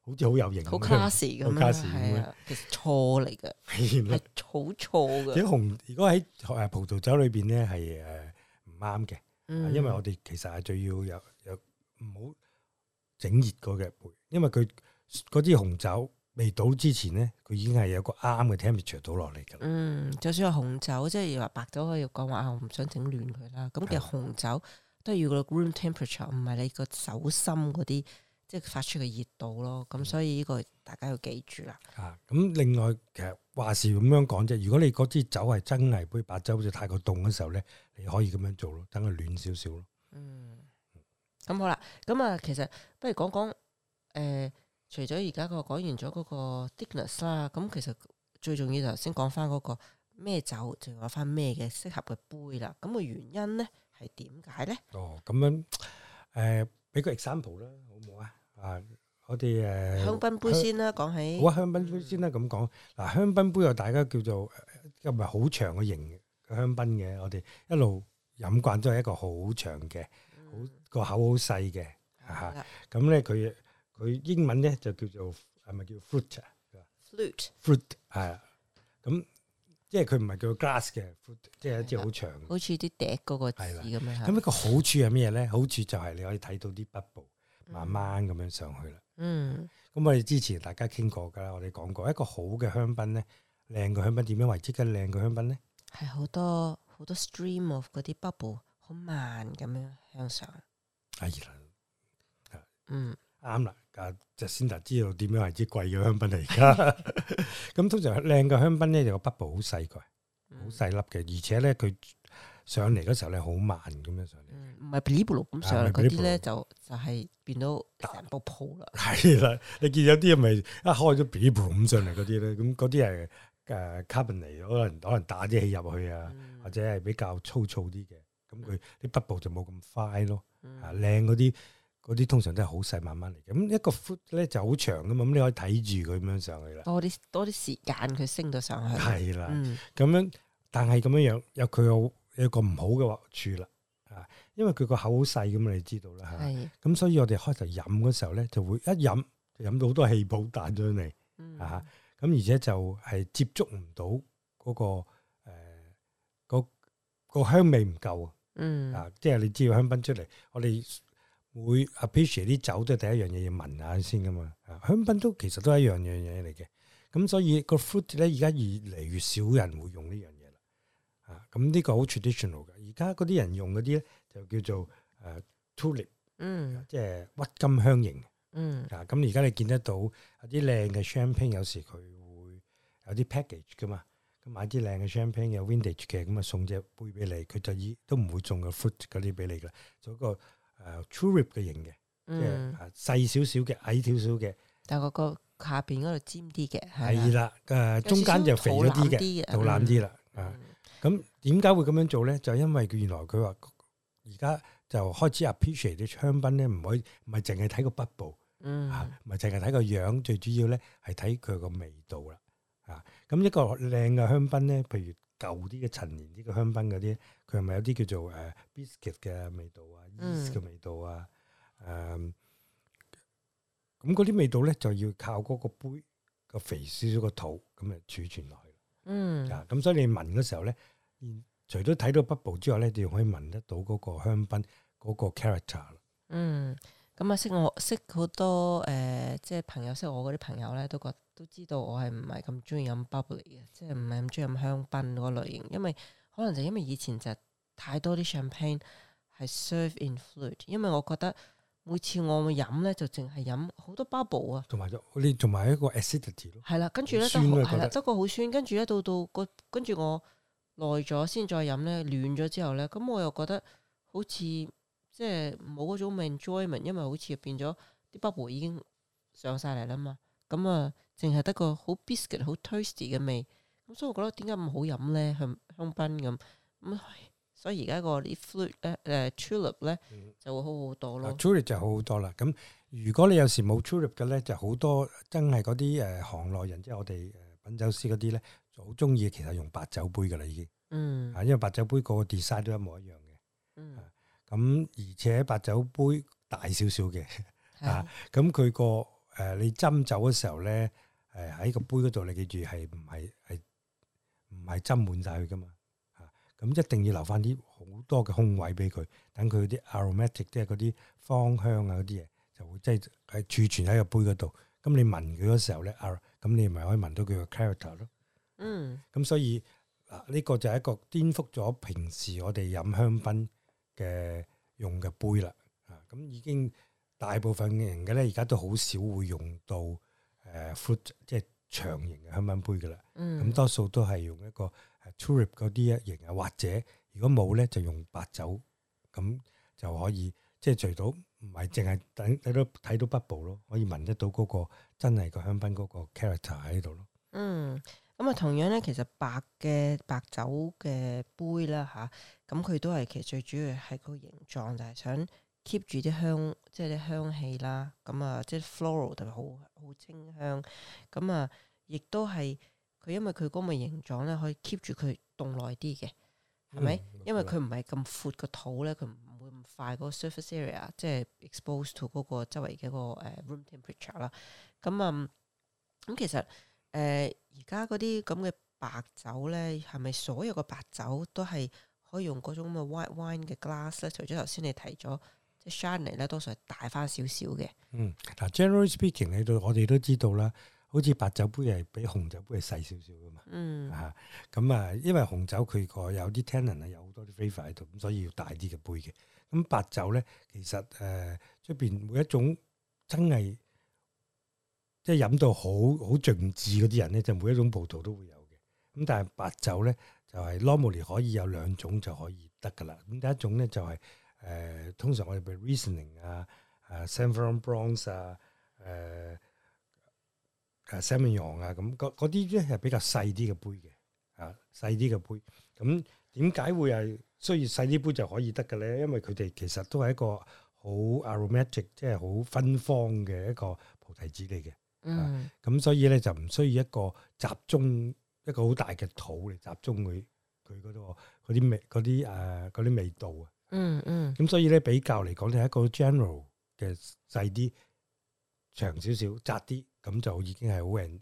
好似好有型，好卡 a 咁樣。其實錯嚟嘅，係好 錯嘅。啲紅如果喺誒葡萄酒裏邊咧，係誒唔啱嘅，因為我哋其實係最要有有唔好整熱過嘅杯，因為佢嗰啲紅酒未倒之前咧，佢已經係有個啱嘅 temperature 倒落嚟嘅。嗯，就算係紅酒，即係話白酒，可以講話啊，我唔想整亂佢啦。咁嘅紅酒。即都要個 room temperature，唔係你個手心嗰啲，即係發出嘅熱度咯。咁所以呢個大家要記住啦。嚇、啊！咁另外其實話事咁樣講啫。如果你嗰支酒係真係杯白酒，好似太過凍嘅時候咧，你可以咁樣做咯，等佢暖少少咯。嗯。咁好啦，咁啊，其實不如講講誒，除咗而家個講完咗嗰個 thickness 啦，咁其實最重要就先講翻嗰個咩酒，就有翻咩嘅適合嘅杯啦。咁個原因咧？係點解咧？哦，咁樣誒，俾個 example 啦，好唔好啊？啊，我哋誒香檳杯先啦，講起好啊香檳杯先啦，咁講嗱，香檳杯啊，大家叫做又唔係好長嘅型香檳嘅，我哋一路飲慣都係一個好長嘅，好個口好細嘅嚇。咁咧佢佢英文咧就叫做係咪叫 flute？flute，flute 係啊，咁。即係佢唔係叫 glass 嘅，即係一啲好長，好似啲笛嗰個字咁樣的。咁一的個好處係咩咧？好處就係你可以睇到啲 bubble 慢慢咁樣上去啦。嗯。咁我哋之前大家傾過噶啦，我哋講過一個好嘅香檳咧，靚嘅香檳點樣為之靚嘅香檳咧？係好多好多 stream of 嗰啲 bubble 好慢咁樣向上。係啦，哎。嗯。啱啦，就先得知道點樣係支貴嘅香檳嚟噶。咁 通常靚嘅香檳咧，個 bubble 好細嘅，好細粒嘅，而且咧佢上嚟嗰時候咧好慢咁樣上嚟。唔係 bubble 咁上嚟嗰啲咧，就就係變到成個瀑布啦。係啦，你見有啲咪一開咗 bubble 咁上嚟嗰啲咧，咁嗰啲係誒 carbonate，可能可能打啲氣入去啊，或者係比較粗糙啲嘅，咁佢啲 bubble 就冇咁快咯。嚇、嗯，靚嗰啲。嗰啲通常都係好細慢慢嚟嘅，咁一個 foot 咧就好長噶嘛，咁你可以睇住佢咁樣上去啦。多啲多啲時間，佢升到上去。係啦，咁樣，但係咁樣樣有佢有有個唔好嘅處啦，啊，因為佢個口好細咁啊，你知道啦嚇。係。咁所以，我哋開頭飲嘅時候咧，就會一飲就飲到好多氣泡彈出嚟，啊，咁而且就係接觸唔到嗰個誒嗰個香味唔夠，嗯啊，即係你知道香檳出嚟，我哋，會 appreciate 啲酒都係第一樣嘢要聞下先噶嘛，香檳都其實都係一樣樣嘢嚟嘅，咁所以個 flute 咧而家越嚟越少人會用呢樣嘢啦，啊咁呢、這個好 traditional 嘅，而家嗰啲人用嗰啲咧就叫做誒 tulip，嗯，即係鬱金香型、啊，嗯，啊咁而家你見得到有啲靚嘅 champagne，有時佢會有啲 package 噶嘛，咁買啲靚嘅 champagne 有 vintage 嘅，咁、嗯、啊送隻杯俾你，佢就已都唔會送個 flute 嗰啲俾你噶，就一、那個。誒、uh，tulip 嘅型嘅，嗯、即係細少少嘅，矮少少嘅，但係嗰個下邊嗰度尖啲嘅，係啦的，誒、嗯，中間就肥咗啲嘅，肚腩啲啦，啊，咁點解會咁樣做咧？就因為原來佢話而家就開始 appreciate 啲香檳咧，唔可以唔係淨係睇個北部，嗯，唔係淨係睇個樣，最主要咧係睇佢個味道啦，啊，咁一個靚嘅香檳咧，譬如舊啲嘅陳年啲嘅，這個，香檳嗰啲，佢係咪有啲叫做誒、呃、biscuit 嘅味道啊 yeast 嘅味道啊，誒，咁嗰啲味道咧，啊嗯，就要靠嗰個杯個肥少少個肚，咁啊儲存落去。嗯，嗯。啊，咁所以你聞嘅時候咧，除咗睇到北部之外咧，你仲可以聞得到嗰個香檳嗰個 character，嗯。嗯，咁啊，識我識好多誒，即係朋友識我嗰啲朋友咧，都覺。都知道我係唔係咁中意飲 bubbly 嘅，即係唔係咁中意飲香檳嗰類型，因為可能就因為以前就太多啲 champagne 係 serve in flute，因為我覺得每次我會飲咧就淨係飲好多 bubble 啊，同埋就你同埋一個 acidity 咯，係啦、啊，跟住咧、啊、得啦、啊，得個好酸，跟住咧到到個跟住我耐咗先再飲咧，暖咗之後咧，咁我又覺得好似即係冇嗰種 enjoyment，因為好似變咗啲 bubble 已經上晒嚟啦嘛，咁啊～淨係得個好 biscuit、好 toasty 嘅味，咁所以我覺得點解唔好飲咧？香香檳咁，咁所以而家個啲 flute 咧、誒 tulip 咧就會好好多咯。uh, tulip 就好好多啦。咁如果你有時冇 tulip 嘅咧，就好多真係嗰啲誒行內人，即係我哋誒品酒師嗰啲咧，就好中意其實用白酒杯噶啦已經。嗯。啊，因為白酒杯個個 design 都一模一樣嘅。嗯。咁、啊、而且白酒杯大少少嘅，啊，咁佢個誒你斟酒嘅時候咧。誒，喺個杯嗰度，你記住係唔係係唔係斟滿晒佢噶嘛？吓、啊，咁一定要留翻啲好多嘅空位俾佢，等佢啲 aromatic 即係嗰啲芳香啊嗰啲嘢，就會即係係儲存喺個杯嗰度。咁你聞佢嗰時候咧啊，咁你咪可以聞到佢個 character 咯。嗯，咁、嗯嗯、所以嗱呢個就係一個顛覆咗平時我哋飲香檳嘅用嘅杯啦。吓、啊，咁、嗯嗯嗯、已經大部分嘅人嘅咧，而家都好少會用到。誒寬、uh, 即係長型嘅香檳杯嘅啦，咁、嗯、多數都係用一個 tulip 嗰啲型啊，或者如果冇咧就用白酒，咁就可以即係除到唔係淨係等睇到睇到 bubble 咯，可以聞得到嗰個真係個香檳嗰個 character 喺度咯。嗯，咁啊同樣咧，其實白嘅白酒嘅杯啦吓，咁、啊、佢都係其實最主要係個形狀，就係、是、想。keep 住啲香，即係啲香氣啦。咁、嗯、啊，即係 floral，就好好清香。咁、嗯、啊，亦都係佢因為佢嗰個形狀咧，可以 keep 住佢凍耐啲嘅，係咪？嗯、因為佢唔係咁闊個肚咧，佢唔會咁快嗰、那個 surface area，即係 exposed to 嗰個周圍嘅一個、uh, room temperature 啦。咁、嗯、啊，咁、嗯、其實誒而家嗰啲咁嘅白酒咧，係咪所有個白酒都係可以用嗰種咁嘅 white wine 嘅 glass 咧？除咗頭先你提咗。即係 Sherry 咧，多數係大翻少少嘅。嗯，嗱，Generally speaking，喺度我哋都知道啦，好似白酒杯係比紅酒杯細少少噶嘛。嗯啊，咁啊，因為紅酒佢個有啲 tannin 啊，有好多啲 flavour 喺度，咁所以要大啲嘅杯嘅。咁、嗯、白酒咧，其實誒出邊每一種真係即係飲到好好盡致嗰啲人咧，就每一種葡萄都會有嘅。咁、嗯、但係白酒咧，就係、是、normally 可以有兩種就可以得噶啦。咁第一種咧就係、是。誒，通常我哋譬如 Riesling 啊，誒，Sauvignon Blanc 啊，誒，誒，Semillon 啊，咁嗰啲咧係比較細啲嘅杯嘅，吓細啲嘅杯。咁點解會係需要細啲杯就可以得嘅咧？因為佢哋其實都係一個好 aromatic，即係好芬芳嘅一個菩提子嚟嘅。咁、啊嗯啊、所以咧就唔需要一個集中一個好大嘅肚嚟集中佢佢嗰啲味嗰啲誒啲味道啊。嗯嗯，咁所以咧比較嚟講，你係一個 general 嘅細啲、長少少、窄啲，咁就已經係好 en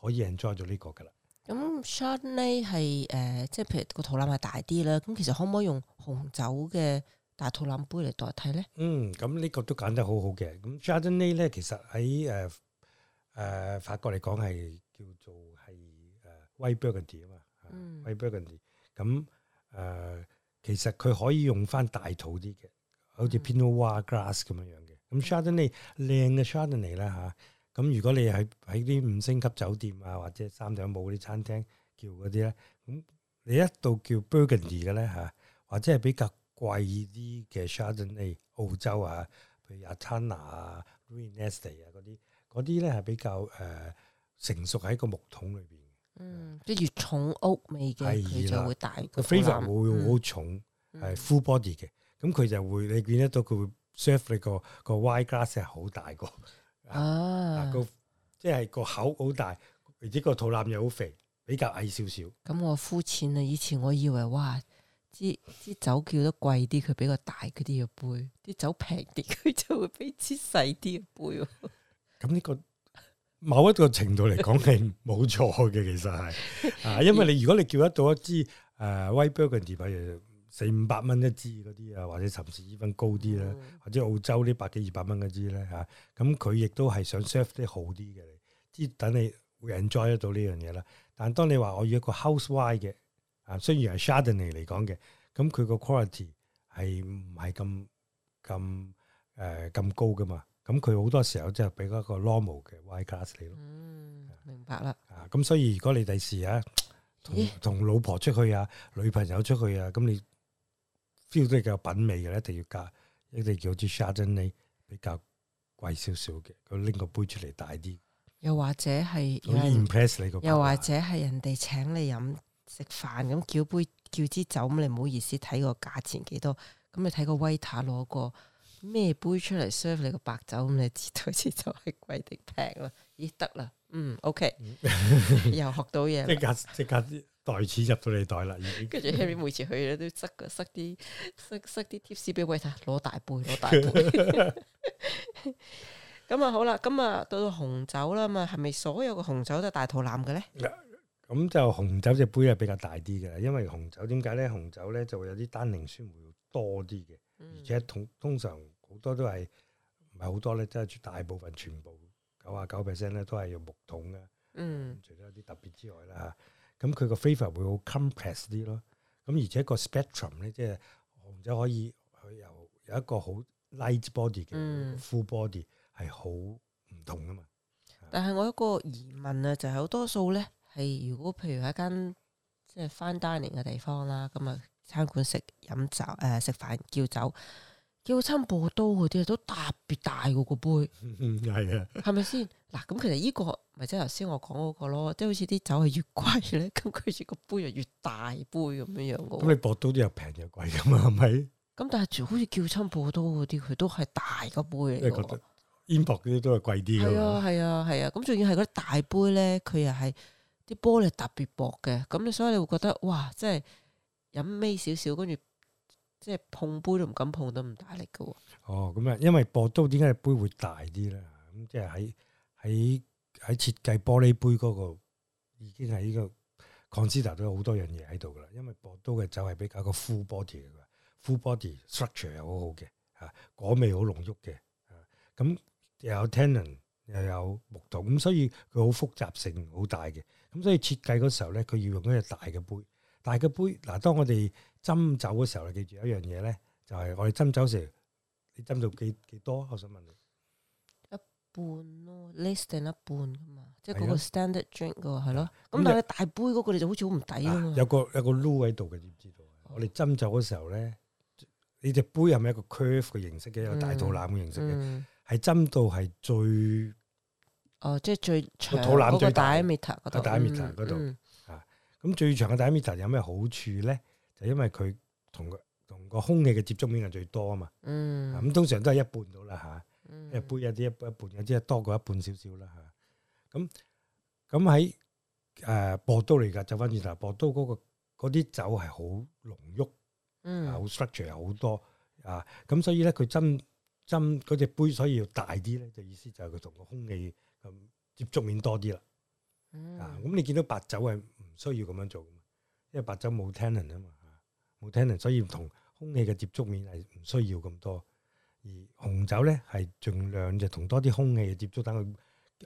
可以 enjoy 咗呢個噶啦。咁 Chardonnay 係誒，即係譬如個肚腩係大啲啦，咁其實可唔可以用紅酒嘅大肚腩杯嚟代替咧？嗯，咁、嗯、呢、嗯嗯這個都揀得好好嘅。咁 Chardonnay 咧，其實喺誒誒法國嚟講係叫做係誒 white burgundy 啊嘛 white burgundy 咁誒。其實佢可以用翻大肚啲嘅，好似 Pinot Noir、Glass 咁樣樣嘅。咁 Chardonnay 靚嘅 Chardonnay 啦嚇，咁如果你係喺啲五星級酒店啊，或者三頂帽嗰啲餐廳叫嗰啲咧，咁你一度叫 Burgundy 嘅咧嚇、啊，或者係比較貴啲嘅 Chardonnay，澳洲啊，譬如 Athana 啊、Green Este 啊嗰啲，嗰啲咧係比較誒、呃、成熟喺個木桶裏邊。嗯，啲越重屋味嘅佢的就會大個，那個 flavour 會好重，係 full body 嘅，咁佢就會你見得到佢會 surface 個個 wine glass 係好大個，啊，個即係個口好大，而且個肚腩又好肥，比較矮少少。咁、啊、我膚淺啊，以前我以為哇，啲啲酒叫得貴啲，佢比較大嗰啲嘅杯，啲酒平啲，佢就會畀隻細啲嘅杯。咁呢個？某一個程度嚟講係冇錯嘅， 其實係啊， 因為你如果你叫得到一支誒、uh, White Burgundy 譬如四五百蚊一支嗰啲啊，或者甚至 even 高啲啦，嗯、或者澳洲啲百幾二百蚊嗰啲咧嚇，咁佢亦都係想 serve 啲好啲嘅，即等你會 enjoy 得到呢樣嘢啦。但係當你話我要一個 house wine 嘅啊，雖然係 Chardonnay 嚟講嘅，咁佢個 quality 係唔係咁咁誒咁高㗎嘛？咁佢好多時候就俾嗰個 normal 嘅 white glass 你咯。Y、class，嗯，明白啦。啊，咁所以如果你第時啊，同同咦老婆出去啊，女朋友出去啊，咁你 feel 都夠品味嘅，一定要加，一定叫支 Chardonnay 比較貴少少嘅，佢拎個杯出嚟大啲。又或者係，你爸爸又或者係人哋請你飲食飯，咁叫杯叫支酒，咁你唔好意思睇個價錢幾多，咁你睇個 waiter 攞個咩杯出嚟 serve 你個白酒咁？你知到始，就係貴定平啦？咦，得啦，嗯，OK，又學到嘢。即刻即刻啲袋錢入到你袋啦，已經。跟住 Henry 每次去咧都塞個塞啲塞塞啲 tips 俾 waiter 攞大杯攞大杯。咁啊好啦，咁啊到到紅酒啦，咁啊係咪所有個紅酒都大肚腩嘅咧？咁就紅酒隻杯係比較大啲嘅，因為紅酒點解咧？紅酒咧就會有啲單寧酸會多啲嘅，而且通通常。好多都係唔係好多咧，即係大部分全部九啊九 percent 咧，都係用木桶嘅。嗯，除咗一啲特別之外啦嚇。咁佢個 favour 會好 compress 啲咯。咁而且個 spectrum 咧，即係紅酒可以佢有有一個好 light body 嘅、嗯、full body 係好唔同噶嘛。嗯、但係我一個疑問啊，就係、是、好多數咧係如果譬如喺間即係 fine dining 嘅地方啦，咁啊餐館食飲酒誒食、呃、飯叫酒。叫親薄刀嗰啲都特別大個個杯，係啊是的 吧，係咪先？嗱，咁其實呢、這個咪即係頭先我講嗰、那個咯，即係好似啲酒係越貴咧，咁佢就個杯又越大杯咁樣樣。咁你薄刀啲又平又貴咁嘛，係咪？咁但係好似叫親薄刀嗰啲，佢都係大個杯嚟。即係覺得煙薄嗰啲都係貴啲。係啊，係啊，係啊。咁仲要係嗰啲大杯咧，佢又係啲玻璃特別薄嘅。咁你所以你會覺得哇，即係飲微少少，跟住。即係碰杯都唔敢碰得唔大力嘅喎。哦，咁啊、哦，因為波多點解杯會大啲咧？咁即係喺喺喺設計玻璃杯嗰、那個已經係呢個 concept 都有好多樣嘢喺度嘅啦。因為波多嘅酒係比較一個 full body 噶 full body structure 又好好嘅，嚇果味好濃郁嘅，咁、啊、又有 tannin 又有木頭，咁所以佢好複雜性好大嘅。咁所以設計嗰時候咧，佢要用一隻大嘅杯，大嘅杯嗱、啊，當我哋。斟酒嘅時候，記住一樣嘢咧，就係我哋斟酒時，你斟到幾幾多？我想問你，一半咯，less than 一半噶嘛，即係嗰個 standard drink 喎，係咯。咁但係大杯嗰個你就好似好唔抵啊！有個有個 rule 喺度嘅，知唔知道？我哋斟酒嘅時候咧，你隻杯係咪一個 curve 嘅形式嘅，有大肚腩嘅形式嘅，係斟到係最，哦，即係最長嗰個大 meter 嗰大 meter 嗰度啊！咁最長嘅大 meter 有咩好處咧？因為佢同個同個空氣嘅接觸面係最多啊嘛，咁、嗯、通常都係一半到啦吓，即杯有啲一杯一半，有啲係多過一半少少啦吓。咁咁喺誒波多嚟噶，走翻轉頭，波多嗰個啲酒係好濃郁，嗯，好 structure 好多啊，咁所以咧佢斟斟嗰隻杯，所以要大啲咧，就意思就係佢同個空氣咁接觸面多啲啦。啊、嗯、咁、嗯嗯、你見到白酒係唔需要咁樣做，因為白酒冇 tannin 啊嘛。冇聽啊，所以同空氣嘅接觸面係唔需要咁多，而紅酒咧係盡量就同多啲空氣嘅接觸，等佢，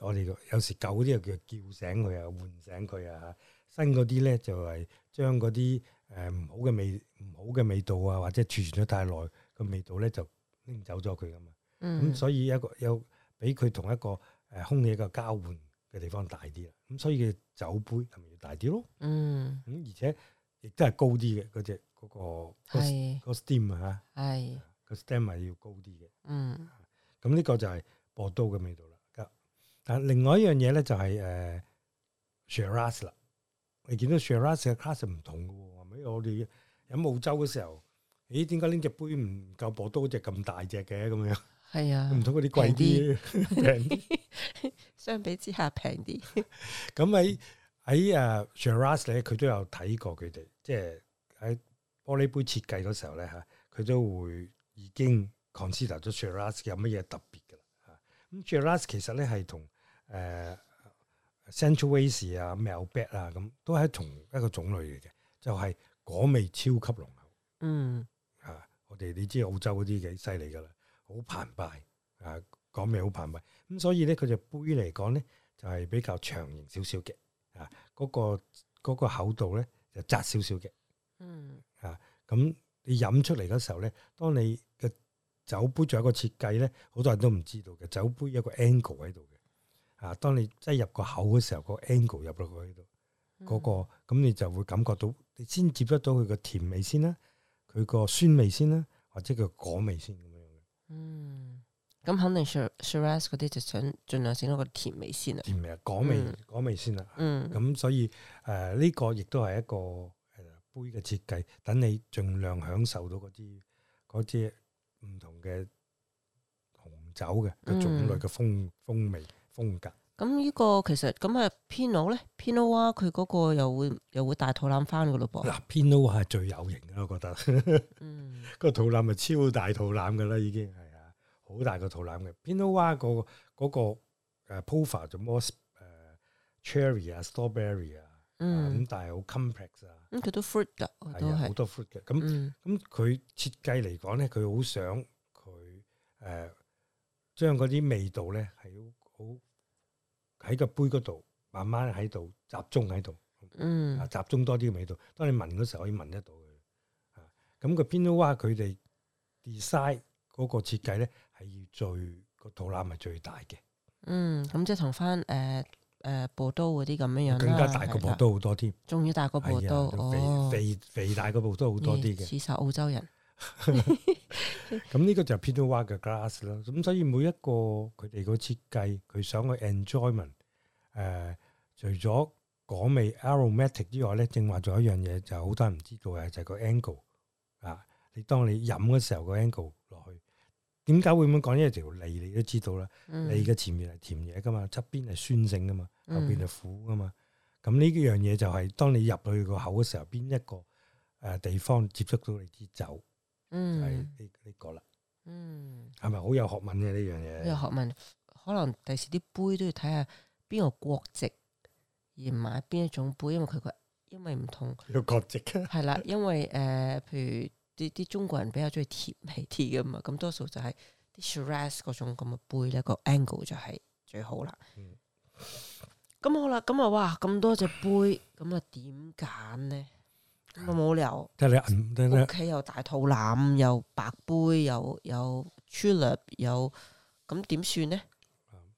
我哋有時舊嗰啲又叫叫醒佢啊，喚醒佢啊，新嗰啲咧就係將嗰啲誒唔好嘅味唔好嘅味道啊，或者儲存咗太耐個味道咧就拎走咗佢噶嘛，咁所以一個有俾佢同一個誒空氣嘅交換嘅地方大啲啦，咁所以嘅酒杯係咪要大啲咯？嗯，咁而且亦都係高啲嘅嗰隻。嗰、那個、那個 stem a 是啊，係、那個 stem 咪要高啲嘅。嗯、啊，咁呢個就係薄刀嘅味道啦。但另外一樣嘢咧就係、是、誒 Shiraz、呃、啦，你見到 Shiraz 嘅 glass 唔同嘅喎、哦，後我哋飲澳洲嘅時候，咦？點解拎隻杯唔夠薄刀嗰隻咁大隻嘅咁樣？係啊，唔通嗰啲貴啲，平啲。 相比之下平啲。咁喺喺誒 Shiraz 咧，佢、uh, 都有睇過佢哋，即係。玻璃杯設計嗰時候咧嚇，佢都會已經 consider 到 Shiraz 有乜嘢特別嘅啦嚇。咁、啊、Shiraz 其實咧係同誒 Centralways 啊、Malbec 啊咁，都係同一個種類嚟嘅，就係、是、果味超級濃厚。嗯嚇、啊，我哋你知澳洲嗰啲幾犀利噶啦，好澎湃啊，果味好澎湃。咁所以咧，佢就杯嚟講咧，就係、是、比較長形少少嘅，啊，嗰、那個嗰口、那個、度咧就窄少少嘅。嗯。咁你飲出嚟嗰時候咧，當你嘅酒杯仲有一個設計咧，好多人都唔知道嘅，酒杯有個 angle 喺度嘅。啊，當你一入個口嘅時候，個 angle 入到去喺度，嗰、個咁你就會感覺到，你先接得到佢、啊啊啊嗯、個甜味先啦，佢個酸味先、啊、啦，或者佢果味先咁樣嘅。嗯，咁肯定 Shiraz 嗰啲就想盡量整到個甜味先啦，甜味果味果味先啦。嗯，咁所以誒呢、呃這個亦都係一個。嘅設計，等你盡量享受到嗰啲嗰啲唔同嘅紅酒嘅種類嘅風風味、嗯、風格。咁呢、嗯嗯、個其實咁啊 Pinot 咧，Pinot 佢嗰個又會又會大肚腩翻噶咯噃。嗱、啊、Pinot 係最有型嘅，我覺得。 嗯。 個肚腩係超大肚腩噶啦，已經係啊，好大個肚腩嘅。Pinot 哇、嗰個嗰、嗰個誒 Pouffe 就 more 誒 Cherry 啊、uh, Strawberry 啊、uh,。嗯，咁但係好 complex 啊、嗯，咁佢都 food 嘅，係啊是，好、嗯、多 food 嘅，咁咁佢設計嚟講咧，佢好想佢誒、呃、將嗰啲味道咧係好喺個杯嗰度慢慢喺度集中喺度，嗯，啊集中多啲嘅味道，當你聞嗰時候可以聞得到嘅，咁、啊、個 Pinot Noir 佢哋 design 嗰個設計咧係要最個肚腩係最大嘅、嗯，嗯，咁即係同翻誒。嗯誒，薄刀嗰啲咁樣樣更加大個薄刀好多添，仲要的大個薄刀，肥肥大個薄刀好多啲嘅、欸。事實澳洲人，咁呢個就係 Pinto 偏到瓦嘅 glass 啦。咁所以每一個佢哋個設計，佢想去 enjoyment。誒、呃，除咗果味 aromatic 之外咧，正話有一樣嘢，就好、是、多人唔知道嘅，就是、個 angle 啊。你當你飲嘅時候個 angle 落去。點解會咁講呢？條脷你都知道啦，你嘅、嗯、前面係甜嘢，噶嘛，側邊係酸性，噶嘛，後邊係苦，噶嘛。咁呢幾樣嘢就係當你入去個口嘅時候，邊一個誒地方，接觸到你啲酒，嗯，係呢呢個啦，嗯，係咪好有學問嘅呢樣嘢？這個、有學問，可能第時啲杯都要睇下，邊個國籍而買邊一種杯，因為佢個，因為唔同個國籍，係啦，因為誒、呃，譬如。啲啲中國人比較中意甜味甜噶嘛，咁多數就係啲 chalice 嗰種咁嘅杯咧，個 angle 就係最好啦。咁、嗯、好啦，咁啊，哇，咁多隻杯，咁啊，點揀咧？咁啊，冇理由，即係你屋企又大肚腩，又白杯，又有 tulip 有……咁點算咧？呢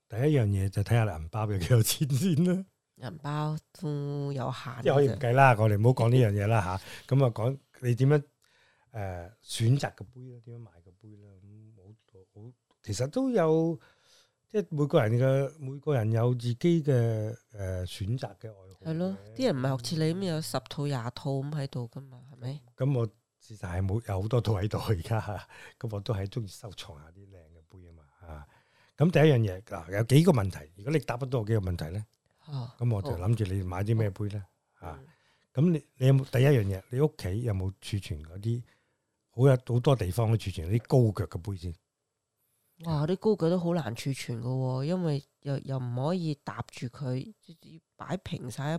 第一樣嘢就睇下你銀包有幾有錢先啦。銀包都有限，一可以唔計啦，我哋唔好講呢樣嘢啦吓。咁 啊，講你點樣？誒、呃，選擇個杯啦，點樣買個杯啦，咁好好，其實都有即係每個人嘅，每個人有自己嘅誒、呃、選擇嘅愛好。係咯、啊，啲、嗯、人唔係學似你咁、嗯、有十套廿套咁喺度噶嘛，係、啊、咪？咁我事實係冇，有好多套喺度而家吓，咁我都係中意收藏下啲靚嘅杯啊嘛吓。咁第一樣嘢嗱，有幾個問題，如果你答得到我幾個問題咧、啊，啊，咁我就諗住你買啲咩杯咧吓。咁你你有冇第一樣嘢？你屋企有冇儲存嗰啲？好有好多地方都儲存啲高腳嘅杯先，哇！啲高腳都好難儲存噶、喎，因為又又唔可以搭住佢，直擺平晒，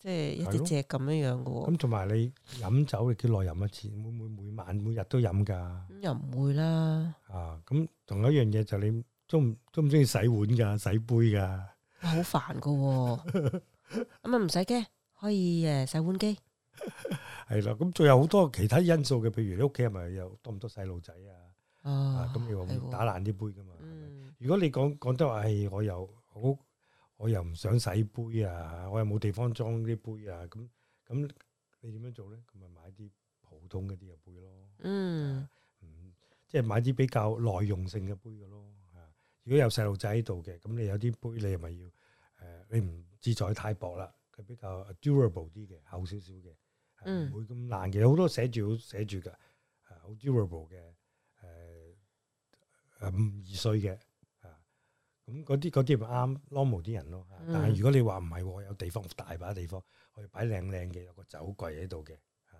即係一隻隻咁樣樣噶、喎。咁同埋你飲酒，你幾耐飲一次？會唔會每晚、每日都飲噶？咁又唔會啦。啊，咁同一樣嘢就你中唔中唔中意洗碗噶、洗杯噶？好煩噶，咁啊唔使驚，可以誒洗碗機。 係啦，咁仲有好多其他因素嘅，譬如你屋企係咪有多唔多細路仔啊？哦、啊，咁你話打爛啲杯噶嘛、嗯？如果你講講得話，唉、哎，我又好，我又唔想洗杯啊，我又冇地方裝啲杯啊，咁咁你點樣做咧？咁咪買啲普通嗰啲嘅杯咯。嗯，嗯，即係買啲比較耐用性嘅杯嘅咯。嚇、啊，如果有細路仔喺度嘅，咁你有啲杯你係咪要？誒、呃，你唔志在太薄啦，佢比較 durable 啲嘅，厚少少嘅。唔 會咁難嘅，好多寫寫住好寫住嘅，誒好 durable 嘅，誒誒唔易碎嘅，啊，咁嗰啲嗰啲咪啱 normal 啲人咯。但係如果你話唔係喎，有地方大把地方可以擺靚靚嘅，有個酒櫃喺度嘅，啊，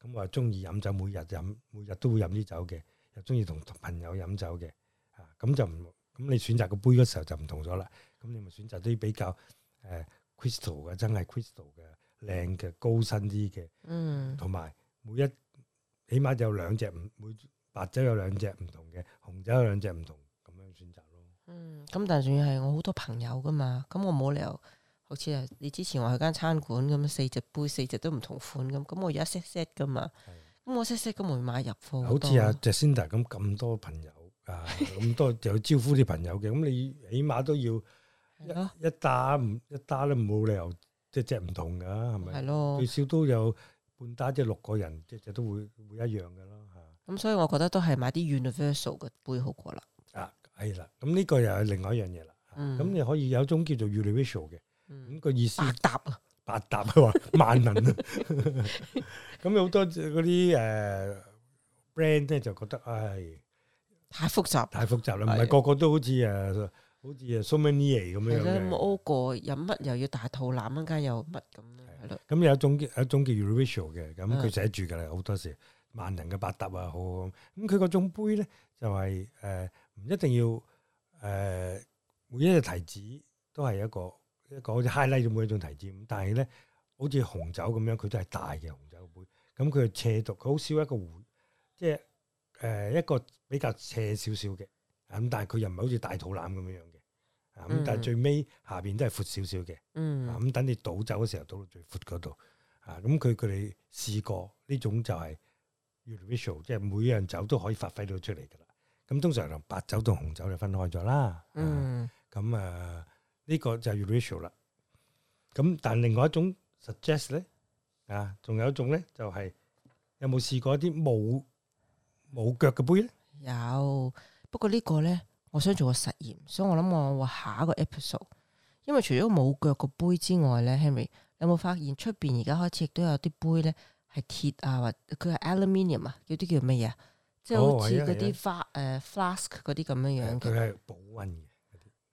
咁我又中意飲酒，每日飲，每日都會飲啲酒嘅，又中意同朋友飲酒嘅，啊，咁就唔，咁、嗯、你選擇個杯嗰時候就唔同咗啦。咁你咪選擇啲比較誒 crystal 嘅，真係 crystal 嘅。靚嘅高身啲嘅，嗯，同埋每一起碼就有兩隻唔每白仔有兩隻唔同嘅，紅仔有兩隻唔同咁樣選擇咯。嗯，咁但係仲要係我好多朋友噶嘛，咁我冇理由好似啊你之前話去間餐館咁，四隻杯四隻都唔同款咁，咁我而家 set set 噶嘛，咁的我 set set 咁咪買入貨。好似阿 Jacinda 咁咁多朋友 啊咁多就招呼啲朋友嘅，咁你起碼都要一的一打唔一打都冇理由。隻隻唔同噶，係咪？係咯的，最少都有半打，即係六個人，只只都會會一樣嘅咯嚇。咁所以，我覺得都係買啲 universal 嘅杯好過啦。啊，係啦，咁呢個又係另外一樣嘢啦。咁、嗯、你可以有一種叫做 universal 嘅，咁、嗯、個意思百搭啊，百搭啊，話萬能啊。咁有好多嗰啲誒 brand 咧，就覺得唉，哎、太複雜，太複雜啦，唔係的對個個都好似誒。好似啊 so many 咁樣樣，冇屙過飲乜又要大肚腩，梗係有乜咁咯，係咯。咁、嗯嗯嗯嗯嗯、有一種叫有一種叫 universal 嘅，咁佢寫住㗎啦，好多時萬能嘅百搭啊，好好。咁佢嗰種杯咧就係誒唔一定要誒、呃、每一個提子都係一個一個好似 highlight 咗每一種提子，咁但係咧好似紅酒咁樣，佢都係大嘅紅酒杯。咁、嗯、佢係斜度，佢好少一個弧，即係誒、呃、一個比較斜少少嘅，咁但係佢又唔係好似大肚腩咁樣樣。咁但係最尾下邊都係闊少少嘅，咁、嗯、等你倒酒嘅時候倒到最闊嗰度，咁佢佢哋試過呢種就係 universal，即係每樣酒都可以發揮到出嚟噶啦。咁、啊、通常白酒同紅酒就分開咗啦，咁、嗯、啊呢、這個就 universal 啦。咁、啊、但係另外一種 suggest 咧，啊仲有一種咧就係、是、有冇試過一啲冇冇腳嘅杯咧？有，不過個呢個咧。我想做個實驗，所以我諗我會下一個 episode，因為除咗冇腳個杯之外咧，Henry 你有冇發現出邊而家開始亦都有啲杯咧係鐵啊，或佢係 aluminium 啊，嗰啲叫咩嘢、啊？即係好似嗰啲花誒 flask 嗰啲咁樣樣嘅。佢係、哦、保温嘅。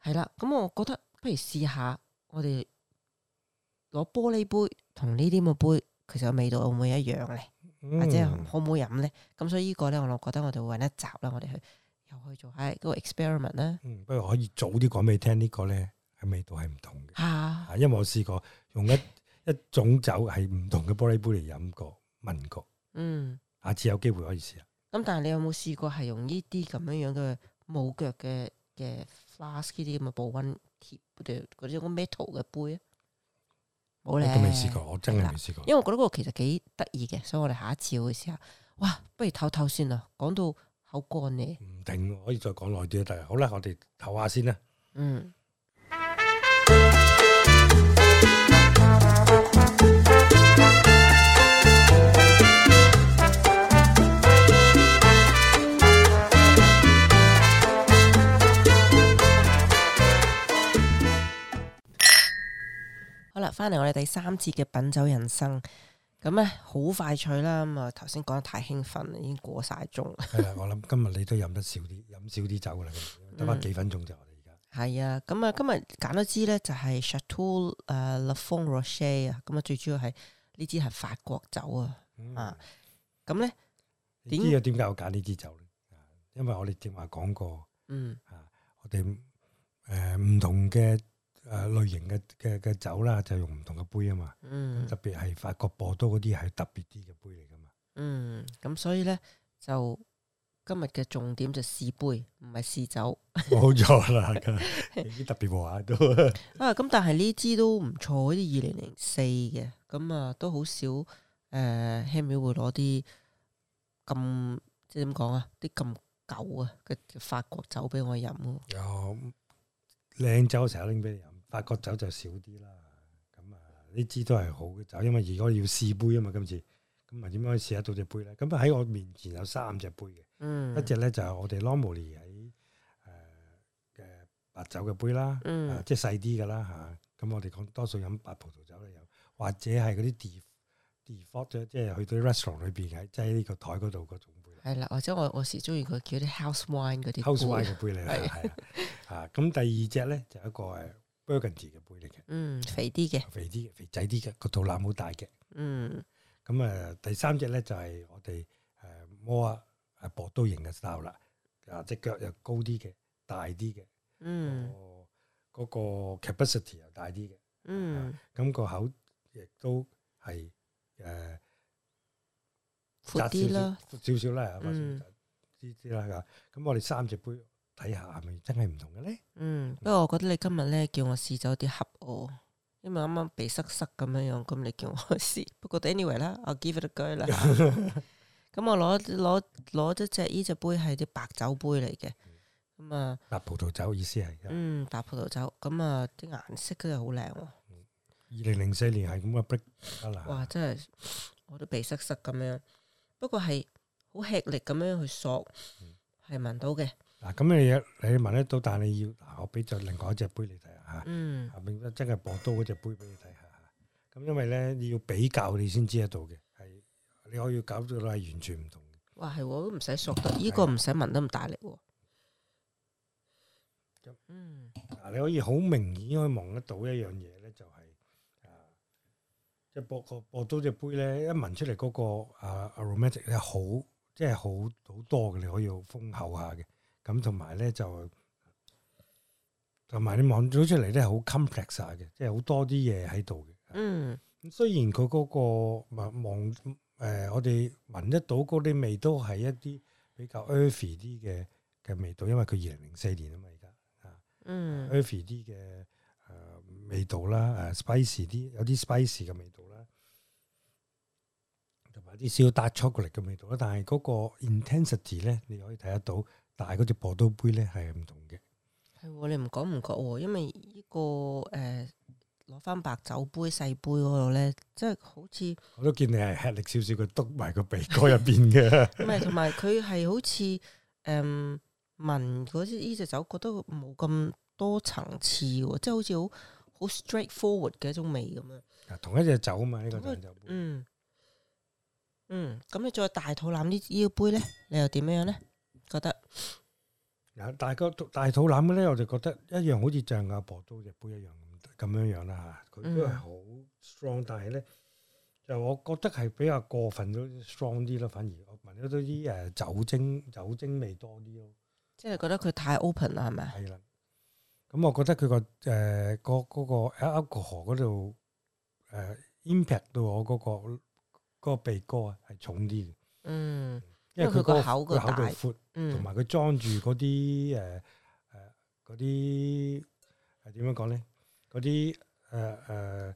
係啦，咁我覺得不如試下我哋攞玻璃杯同呢啲個杯，其實個味道會唔會一樣咧？或者好唔好飲咧？咁、嗯、所以個呢個咧，我諗覺得我哋會搵一集啦，我哋去。又去做喺、哎那個 experiment 咧、嗯，不如可以早啲講俾你聽，這個、呢個咧係味道係唔同嘅，吓、啊，因為我試過用一一種酒係唔同嘅玻璃杯嚟飲過，聞過，嗯，下次有機會可以試下。咁、嗯、但係你有冇試過係用呢啲咁樣腳 ask, 樣嘅冇腳嘅嘅 flask 呢啲咁嘅保温鐵嗰啲 metal 嘅杯啊？冇咧，都未試過，我真係未試過，因為我覺得嗰個其實幾得意嘅，所以我哋下一次我會試下。哇，不如唞唞先啦，講到。好過你，唔定可以再講耐啲，但係好啦，我哋唞下先啦。嗯。好啦，翻嚟我哋第三節嘅品酒人生。咁咧好快脆啦，咁啊頭先講得太興奮啦，已經過晒鐘。係啦，我諗今日你都飲得少啲，飲少啲酒啦，得翻、嗯、幾分鐘就我哋而家。係啊，咁啊今日揀咗支咧就係 Chateau 誒 Lafon-Roche 啊，咁啊最主要係呢支係法國酒、嗯、啊，啊，咁咧點啊？點解我揀呢支酒咧？因為我哋正話講過，嗯啊，我哋誒唔同嘅。誒、呃，類型嘅嘅嘅酒啦，就是，用唔同嘅杯啊嘛，嗯，特別係法國波多嗰啲係特別啲嘅杯嚟㗎嘛，嗯，咁所以咧就今日嘅重點就試杯，唔係試酒，冇錯啦，呢啲特別豪都啊，咁但係呢支都唔錯，啲二零零四嘅，咁啊都好少誒，希秒會攞啲咁即係點講啊，啲咁舊啊嘅法國酒俾我飲咯，有靚酒成日拎俾你。法國酒就少啲啦，咁啊呢支都係好嘅酒，因為如果要試杯啊嘛，今次，咁啊點樣可以試得到隻杯咧？咁喺我面前有三隻杯嘅，嗯、一隻咧就係我哋 normally 喺誒嘅白酒嘅杯啦、嗯啊，即係細啲嘅啦嚇。咁、啊、我哋講多數飲白葡萄酒咧，有或者係嗰啲 default 即係去到 restaurant 裏邊喺即係呢個台嗰度嗰種杯。係啦，或者我我時中意佢叫啲 house wine 嗰啲 house wine 嘅杯嚟啦，係對啊，啊咁第二隻咧就一個誒。Burgundy 嘅杯嚟嘅，嗯，肥啲嘅，肥啲嘅，肥仔啲嘅，個肚腩好大嘅，嗯，咁啊，第三隻咧就係我哋誒摸啊，係薄刀型嘅哨啦，啊，隻腳又高啲嘅，大啲嘅，嗯，嗰個 capacity 又大啲嘅，嗯，咁個口亦都係誒闊啲啦，闊少少啦，嗯，啲啲啦，咁我哋三隻杯。睇下係咪真係唔同嘅咧？嗯，嗯，不過我覺得你今日咧叫我試咗啲黑哦，因為啱啱鼻塞塞咁樣樣，咁你叫我試。不過 Anyway 啦、 嗯，我 give it a go 啦。咁我攞攞攞咗隻呢隻杯係啲白酒杯嚟嘅。咁、嗯、啊，白葡萄酒意思係？嗯，白葡萄酒。咁、嗯嗯、啊，啲顏色真係好靚。二零零四年係咁嘅 black 哇，真係我都鼻塞塞咁樣，不過係好吃力咁樣去索，係聞、嗯、到嘅。嗱，咁、啊、你你聞得到，但係你要，嗱、啊，我俾咗另外一隻杯你睇下嚇，啊，永遠真係薄刀嗰隻杯俾你睇下，咁、啊、因為咧你要比較你先知得到嘅，係你可以搞到咧完全唔同嘅。哇，係我都唔使索到，呢個唔使聞得咁大力。咁，嗯，嗱，你可以好明顯可以望得到，得到，得到一樣嘢咧，就係、是、啊，即、就、係、是、薄個薄刀隻杯咧，一聞出嚟嗰、那個啊啊 aromatic 咧、就是，好即係好好多嘅，你可以好豐厚下嘅。咁同埋咧就，同埋你望咗出嚟咧好 complex 啊嘅，即係好多啲嘢喺度嘅。嗯，咁雖然佢嗰個望，誒，我哋聞得到嗰啲味都係一啲比較 earthy 啲嘅嘅味道，因為佢二零零四年啊嘛而家，啊，嗯，earthy 啲嘅誒味道啦，誒 spicy 啲有啲 spicy 嘅味道啦，同埋啲 dark chocolate 嘅味道啦，但係嗰個 intensity 咧你可以睇得到。但係嗰隻薄刀杯咧，係唔同嘅。係，哦，你唔講唔覺，因為呢，這個誒，攞，呃、翻白酒杯細杯嗰度咧，即係好似我都見你係吃力少少，佢督埋個鼻哥入邊嘅。唔係， 同埋佢係好似誒聞嗰隻呢隻酒，覺得冇咁多層次，即係好似好好 straightforward 嘅一種味咁啊。同一隻酒啊嘛，呢個酒嗯嗯，咁、嗯嗯、你再大肚腩個呢腰杯咧，你又點樣咧？覺得，但係個大肚腩嘅咧，我就覺得一樣好，好似像阿婆都隻杯一樣咁咁樣樣啦吓，佢都係好 strong，但係咧就我覺得係比較過分咗 strong 啲咯，反而聞到到啲誒酒精酒精味多啲咯，即係覺得佢太 open 啦，係咪、啊？係啦，咁我覺得佢個誒嗰嗰個 alcohol 嗰度誒 impact 到我嗰個個鼻哥係重啲嘅，嗯。嗯嗯嗯因為佢個口個口度闊，同埋佢裝住嗰啲誒誒嗰啲係點樣講咧？嗰啲誒誒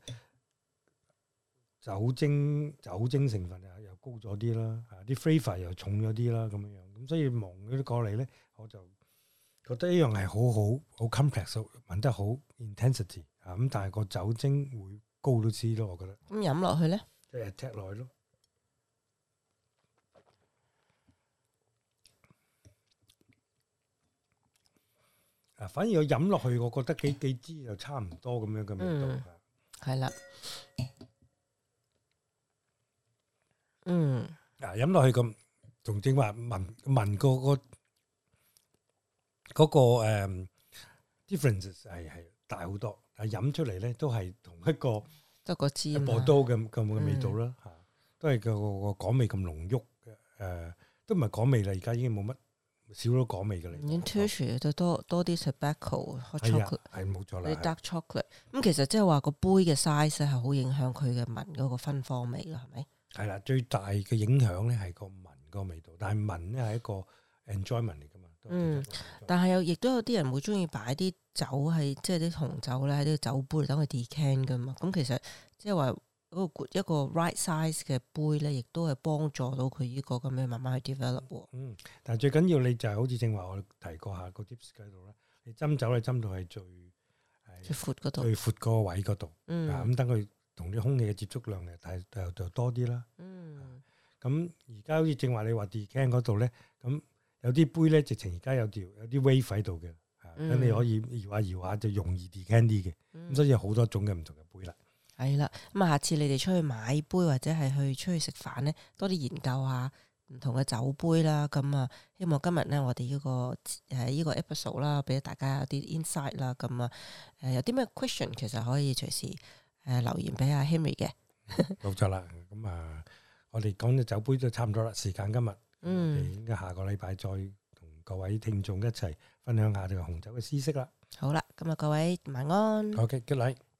酒精酒精成分又又高咗啲啦，嚇、啊、啲 flavour 又重咗啲啦，咁樣樣咁、嗯，所以望嗰啲過嚟咧，我就覺得一樣係好好好 complex，聞得好 intensity 嚇、啊、咁，但係個酒精會高咗啲咯，我覺得。咁飲落去咧？即係踢落去咯。反而我飲落去，我覺得幾幾支又差唔多咁樣嘅味道㗎。係啦、那個那個，嗯，啊飲落去個，同正話聞聞個個嗰個誒 differences 係係大好多，但係飲出嚟咧都係同一個，個一個支 Bordeaux 咁咁嘅味道啦嚇、啊，都係、那個、那個果味咁濃郁，嘅、啊、誒，都唔係果味啦，而家已經冇乜。少咗果味嘅嚟 intention 就多多啲 tobacco，dark chocolate，chocolate、哎。咁 chocolate 的、嗯、其實即係話個杯嘅 size 咧係好影響佢嘅聞嗰個芬芳味咯，係咪？係啦，最大嘅影響咧係個聞個味道，但係聞咧係一個 enjoyment 嚟噶嘛，嗯就是、嘛。嗯，但係又亦都有啲人會中意擺啲酒係即係啲紅酒咧喺啲酒杯嚟等佢 decant 噶嘛。咁其實即係話。嗰一個 right size 嘅杯咧，亦都係幫助到佢依個咁樣慢慢去、嗯就是那個、develop。嗯，但係最緊要你就係好似正話我提過下個 tips 喺度啦。你斟酒咧，斟到係最最闊嗰度，最闊個位嗰度。嗯，咁等佢同啲空氣嘅接觸量又又又多啲啦。嗯，咁而家好似正話你話 decan 嗰度咧，咁有啲杯咧直情而家有條有啲 wave 喺度嘅，嚇、啊、咁你可以搖下搖下就容易 decan 啲嘅。嗯，咁、嗯、所以有好多種嘅唔同嘅杯啦。係啦，咁啊，下次你哋出去買杯或者係去出去食飯咧，多啲研究下唔同嘅酒杯啦。咁啊，希望今日咧我哋呢、呢個誒依、依個 episode 啦，俾大家有啲 insight 啦。咁、呃、啊，誒有啲咩 question 其實可以隨時誒留言俾阿 Henry 嘅。冇錯、嗯、啦，咁啊，我哋講到酒杯都差唔多啦，時間今日，嗯，應該下個禮拜再同各位聽眾一齊分享下呢個紅酒嘅知識啦。好啦，今日各位晚安。Good night